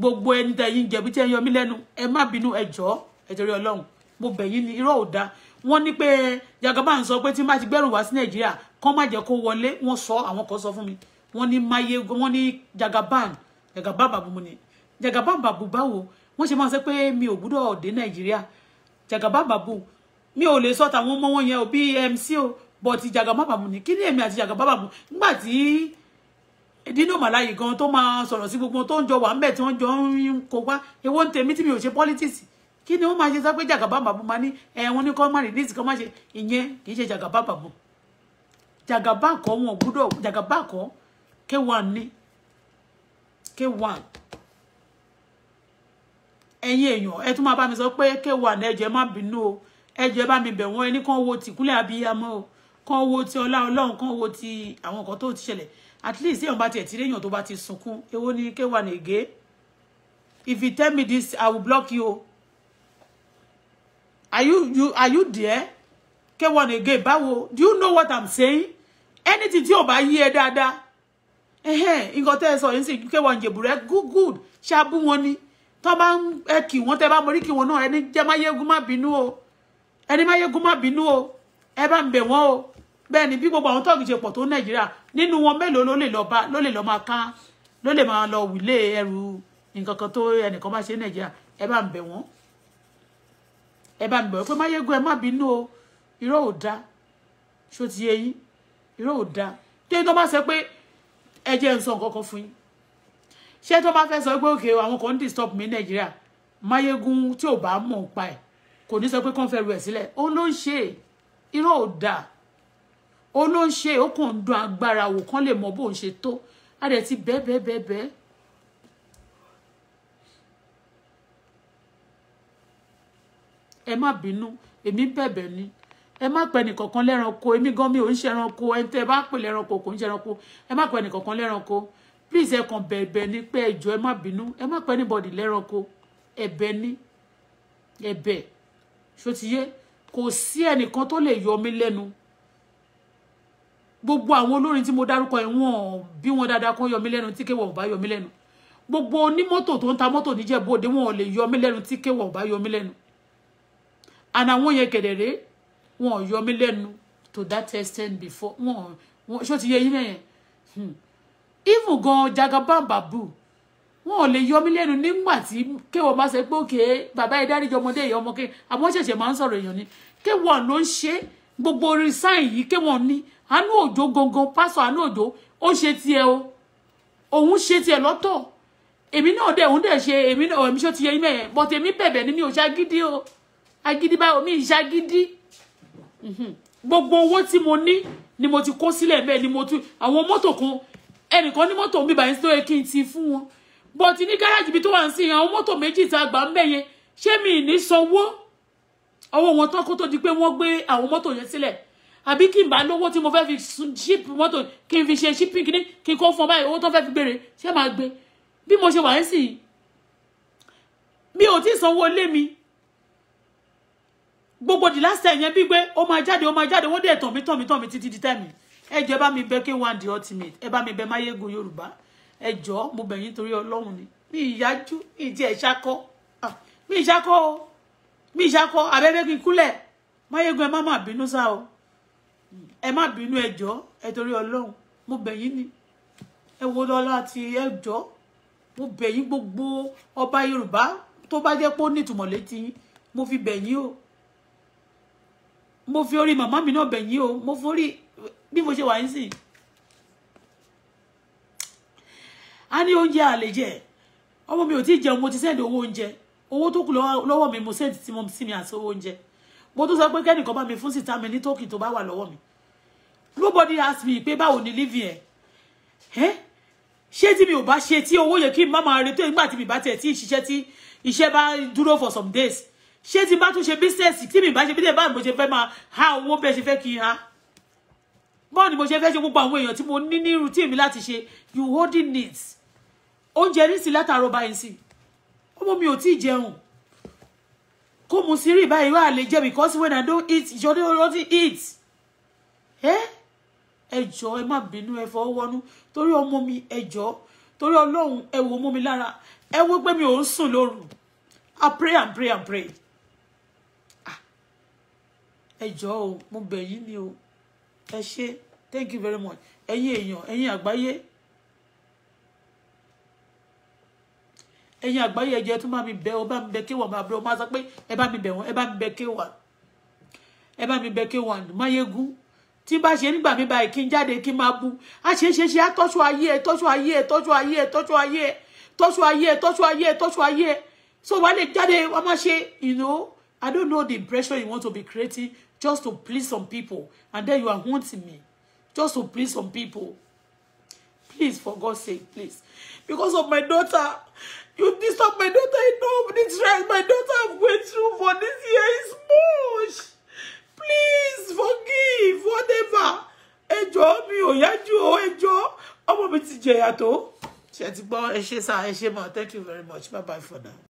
[SPEAKER 1] gbogbo ẹni tẹ yín jẹ̀bi tí ẹ yọ mí lẹ́nu ẹ má bínú ẹ jọ̀ọ́ ẹ torí Ọlọ́run mo bẹ̀ yín ni irọ́ ò da wọ́n ní pé Jagaba ń sọ pé tí má ti gbẹ́rù wá sí Nàìjíríà kán má jẹ́ kó wọlé wọ́n sọ àwọn kan sọ fún mi wọ́n ní máyégún wọ́n ní Jagaba Jagaba bàbá mu ni Jagaba bàbá báwo wọ́n ṣe máa sọ pé mi ò gbúdọ̀ dé Nàìjíríà Jagaba bàbá mi ò lè sọ tàwọn ọmọ wọn yẹn ò bí MC o but Jagababamu ni kí ni èmi àti Jagababamu nígbà tí Dino Malaye gan tó ma sọ̀rọ̀ si gbogbo tó ń jọ wà ń bẹ̀ tí wọ́n jọ ń kó wá èwo ń tèmi tí mi ò ṣe politics kí ni wọ́n máa ṣe sọ pé Jagababamu máa ní ẹ̀wọ̀n this kọ́ máa release kọ́ máa ṣe ìyẹn kì í ṣe Jagababamu Jagaba kọ́ wọn gbúdọ̀ Jagaba kọ́ K1 ni K1 ẹ̀yin èèyàn ẹ tún máa bá mi sọ pé K1 ẹ̀jẹ̀ má bínú o ẹ̀jẹ̀ bá mi bẹ̀ wọ́n ẹnì kan wo tìkúlẹ̀ abiyamọ o kan wo ti ọlá ọlọ́run kan wo ti àwọn nǹkan tó ti ṣẹlẹ̀ at least èèyàn bá tiẹ̀ ti réèyàn tó bá ti sunkún èwo ni ké wà nìgé if you tell me this i will block you are you you are you there ké wà nìgé báwo do you know what i'm saying anything tí ò bá yí ẹ dáadáa nǹkan tẹ́ ẹ sọ yìí sì ké wà nìjẹ̀bù rẹ good good ṣáàbù wọn ni tó bá ń ẹ kì wọ́n tẹ́ bá mọ rí kì wọ́n náà ẹni jẹ́ máyégún má bínú o ẹni máyégún má bínú o ẹ bá ń bẹ̀ wọ́n o bẹ́ẹ̀ ni bí gbogbo àwọn tọ́ọ̀gì ṣe pọ̀ tó nàìjíríà nínú wọn mélòó ló lè lọ bá ló lè lọ máa kán ló lè máa lọ wílé ẹrù nǹkan kan tó ẹnìkan bá ṣe ní nàìjíríà ẹ bá ń bẹ̀ wọ́n ẹ bá ń bẹ̀ wọ́n pé máyégún ẹ má bínú o irọ́ ò da ṣó ti yé irọ́ ò da tí tó bá sọ pé ẹ jẹ́ ń sọ nǹkan kan fún yín ṣé tó bá fẹ́ sọ pé òkè àwọn kan ń disturb mi nàìjíríà máyégún tí ò bá mọ̀ ń pa ẹ̀ kò ní sọ pé kàn fẹ́ ru ẹ̀ sílẹ̀ òun ló ń ṣe irọ́ ò da ó ló ń ṣe ó kàn ń dun agbára wò kán lè mọ bó ń ṣe tó a dẹ̀ ti bẹ́ẹ̀ bẹ́ẹ̀ bẹ́ẹ̀ bẹ́ẹ̀. ẹ má bínú èmi bẹ̀bẹ̀ ni ẹ má pè nìkankan lẹ́ranko èmi gan mi ò ń ṣẹranko ẹ tẹ́ ẹ bá pè lẹ́ranko kò ń ṣẹranko ẹ má pè nìkankan lẹ́ranko please ẹ kàn bẹ̀bẹ̀ ni pé ẹjọ́ ẹ má bínú ẹ má pè anybody lẹ́ranko ẹ̀bẹ̀ ni ẹ̀bẹ̀ ṣòtìyé kò sí ẹnìkan tó lè yọ mí lẹ́nu gbogbo àwọn olórin tí mo dárúkọ ẹ̀ wọ́n bí wọ́n dáadáa kan yọ mí lẹ́nu tí kéwọ̀n ò bá yọ mí lẹ́nu gbogbo onímọ́tò tó ń ta mọ́tò níjẹ̀bú òde wọn ò lè yọ mí tí kéwọ̀n ò bá yọ mí lẹ́nu àwọn yẹn kẹ̀dẹ̀rẹ́ wọn ò yọ mí to that extent before wọn wọn ṣó ti yẹ yín mẹ́yẹn hmm. even gan jagaban babu wọn ò lè yọ mí lẹ́nu nígbà tí kéwọ̀n bá ṣe pé òkè bàbá ẹ̀ dáríjọ ọmọdé ìyá ọmọ kéwọ̀n àwọn ṣẹ̀ṣẹ̀ máa ń sọ̀rọ̀ ni ojo Òjó gangan pásọ Àánú Òjó ó ṣe tiẹ̀ o òun ṣe tiẹ̀ loto èmi náà de òun de ṣe èmi náà èmi ṣó ti yẹ ibẹ̀ but èmi bẹ̀bẹ̀ ni mi ò ṣagídí o ba o mi ṣagídí mhm. gbogbo owó tí mo ní ni mo ti kó sílẹ̀ bẹ́ẹ̀ ni mo tún àwọn mọ́tò kan ẹnìkan ni moto mi ba tó yẹ kí n ti fún wọn but ní gáràjì ibi tó wà ń sìn àwọn mọ́tò méjì tá a gbà ń mi ni ní sanwó ọwọ́ wọn tán kó tó di pé wọ́n gbé àwọn mọ́tò yẹn sílẹ̀ àbí kí n bá lówó tí mo fẹ́ fi ship mọ́tò kí n fi ṣe shipping kíní kí n kó fún ọ báyìí owó tó fẹ́ fi gbére ṣé máa gbé bí mo ṣe wà ń sìn mi ò tí sanwó ilé mi gbogbo the last time yẹn bí pé ó máa jáde ó máa jáde wọ́n dẹ̀ tàn mí tàn mí tàn mí títí di time ẹ jọ̀ọ́ ẹ bá mi bẹ̀ K1 the ultimate ẹ bá mi bẹ̀ Máyégún Yorùbá ẹ jọ̀ọ́ mo bẹ̀ yín torí Ọlọ́run ni mi ìyájú ìdí ẹ̀ ṣakọ́ mi ìṣakọ́ ah, mi ìṣakọ́ abẹ́bẹ́ kí n kúlẹ̀ Máyégún ẹ má má bínú sá o ẹ má bínú ẹjọ́ ẹ torí ọlọ́run mo bẹ̀ yín ni ẹ wo lọ́lá ti ẹjọ́ mo bẹ̀ yín gbogbo ọba yorùbá tó bá jẹ́ pé ó ní ìtumọ̀ létí yín mo fi bẹ̀ yín o mo fi orí màmá mi náà bẹ̀ o mo forí bí mo ṣe wà yín sìn a ní oúnjẹ àlè jẹ ọmọ mi ò tí ì jẹun mo ti sẹ́ndì owó oúnjẹ owó tó kù lọ́wọ́ mi mo sẹ́ndì sí mi àti owó oúnjẹ mo tún sọ pé kẹ́nìkan bá mi fún síta mi ní tókì tó bá wà lọ́wọ́ mi nobody ask me pé báwo ni here. ẹ̀ ṣé tí mi ò bá ṣe tí owó yẹ kí n má máa retó nígbà tí mi bá tiẹ̀ tí ìṣiṣẹ́ tí iṣẹ́ bá dúró for some days ṣé tí n bá tún ṣe business tí mi bá ṣe bídẹ̀ báyìí mo ṣe fẹ́ máa há owó bẹ́ẹ̀ ṣe fẹ́ kí n há bọ́ọ̀ ni mo ṣe fẹ́ ṣe gbogbo àwọn èèyàn tí mo ní ní routine mi láti ṣe you holding needs oúnjẹ nísìnyí látàárọ̀ báyìí sí ọmọ mi ò tí ì jẹun kó mu sí rí báyìí wà lè jẹ because when i don't eat ìjọdẹ ọlọtí eat ẹ jọ̀ọ́ ẹ má bínú ẹ fọwọ́ wọnú torí ọmọ mi ẹ jọ̀ọ́ torí Ọlọ́run ẹ wò mọ́ mi lára ẹ wò pé mi ò ń sùn lóru i pray and pray and pray ah, ẹ jọ̀ọ́ o mo bẹ̀ yín ni o ẹ ṣé thank you very much ẹ̀yin èèyàn ẹ̀yin àgbáyé ẹ̀yin àgbáyé ẹjẹ tún bá mi bẹ̀ ọ bá mi bẹ̀ kéwà máa bẹ ọ máa sọ pé ẹ bá mi bẹ̀ wọn ẹ bá mi bẹ̀ kéwà ẹ bá mi bẹ̀ kéwà Máyégún tí bá ṣe nígbà mi báyìí kí n jáde kí n máa bu a ṣe ṣe ṣe àtọ́sọ ayé ẹ tọ́sọ ayé ẹ tọ́sọ ayé ẹ tọ́sọ ayé ẹ tọ́sọ ayé ẹ tọ́sọ ayé ẹ tọ́sọ ayé ẹ so wàá lè jáde wàá máa ṣe you know I don't know the impression you want to be creating just to please some people and then you are haunting me just to please some people please for God's sake please because of my daughter You disturb my daughter. I know the stress my daughter have went through for this year is much. Please forgive whatever. Ẹ jọ̀ọ́ mi ò yájú o ẹ jọ̀ọ́ ọmọ mi ti jẹ̀yà tó. Ṣé ti gbọ́ thank you very much bye bye for now.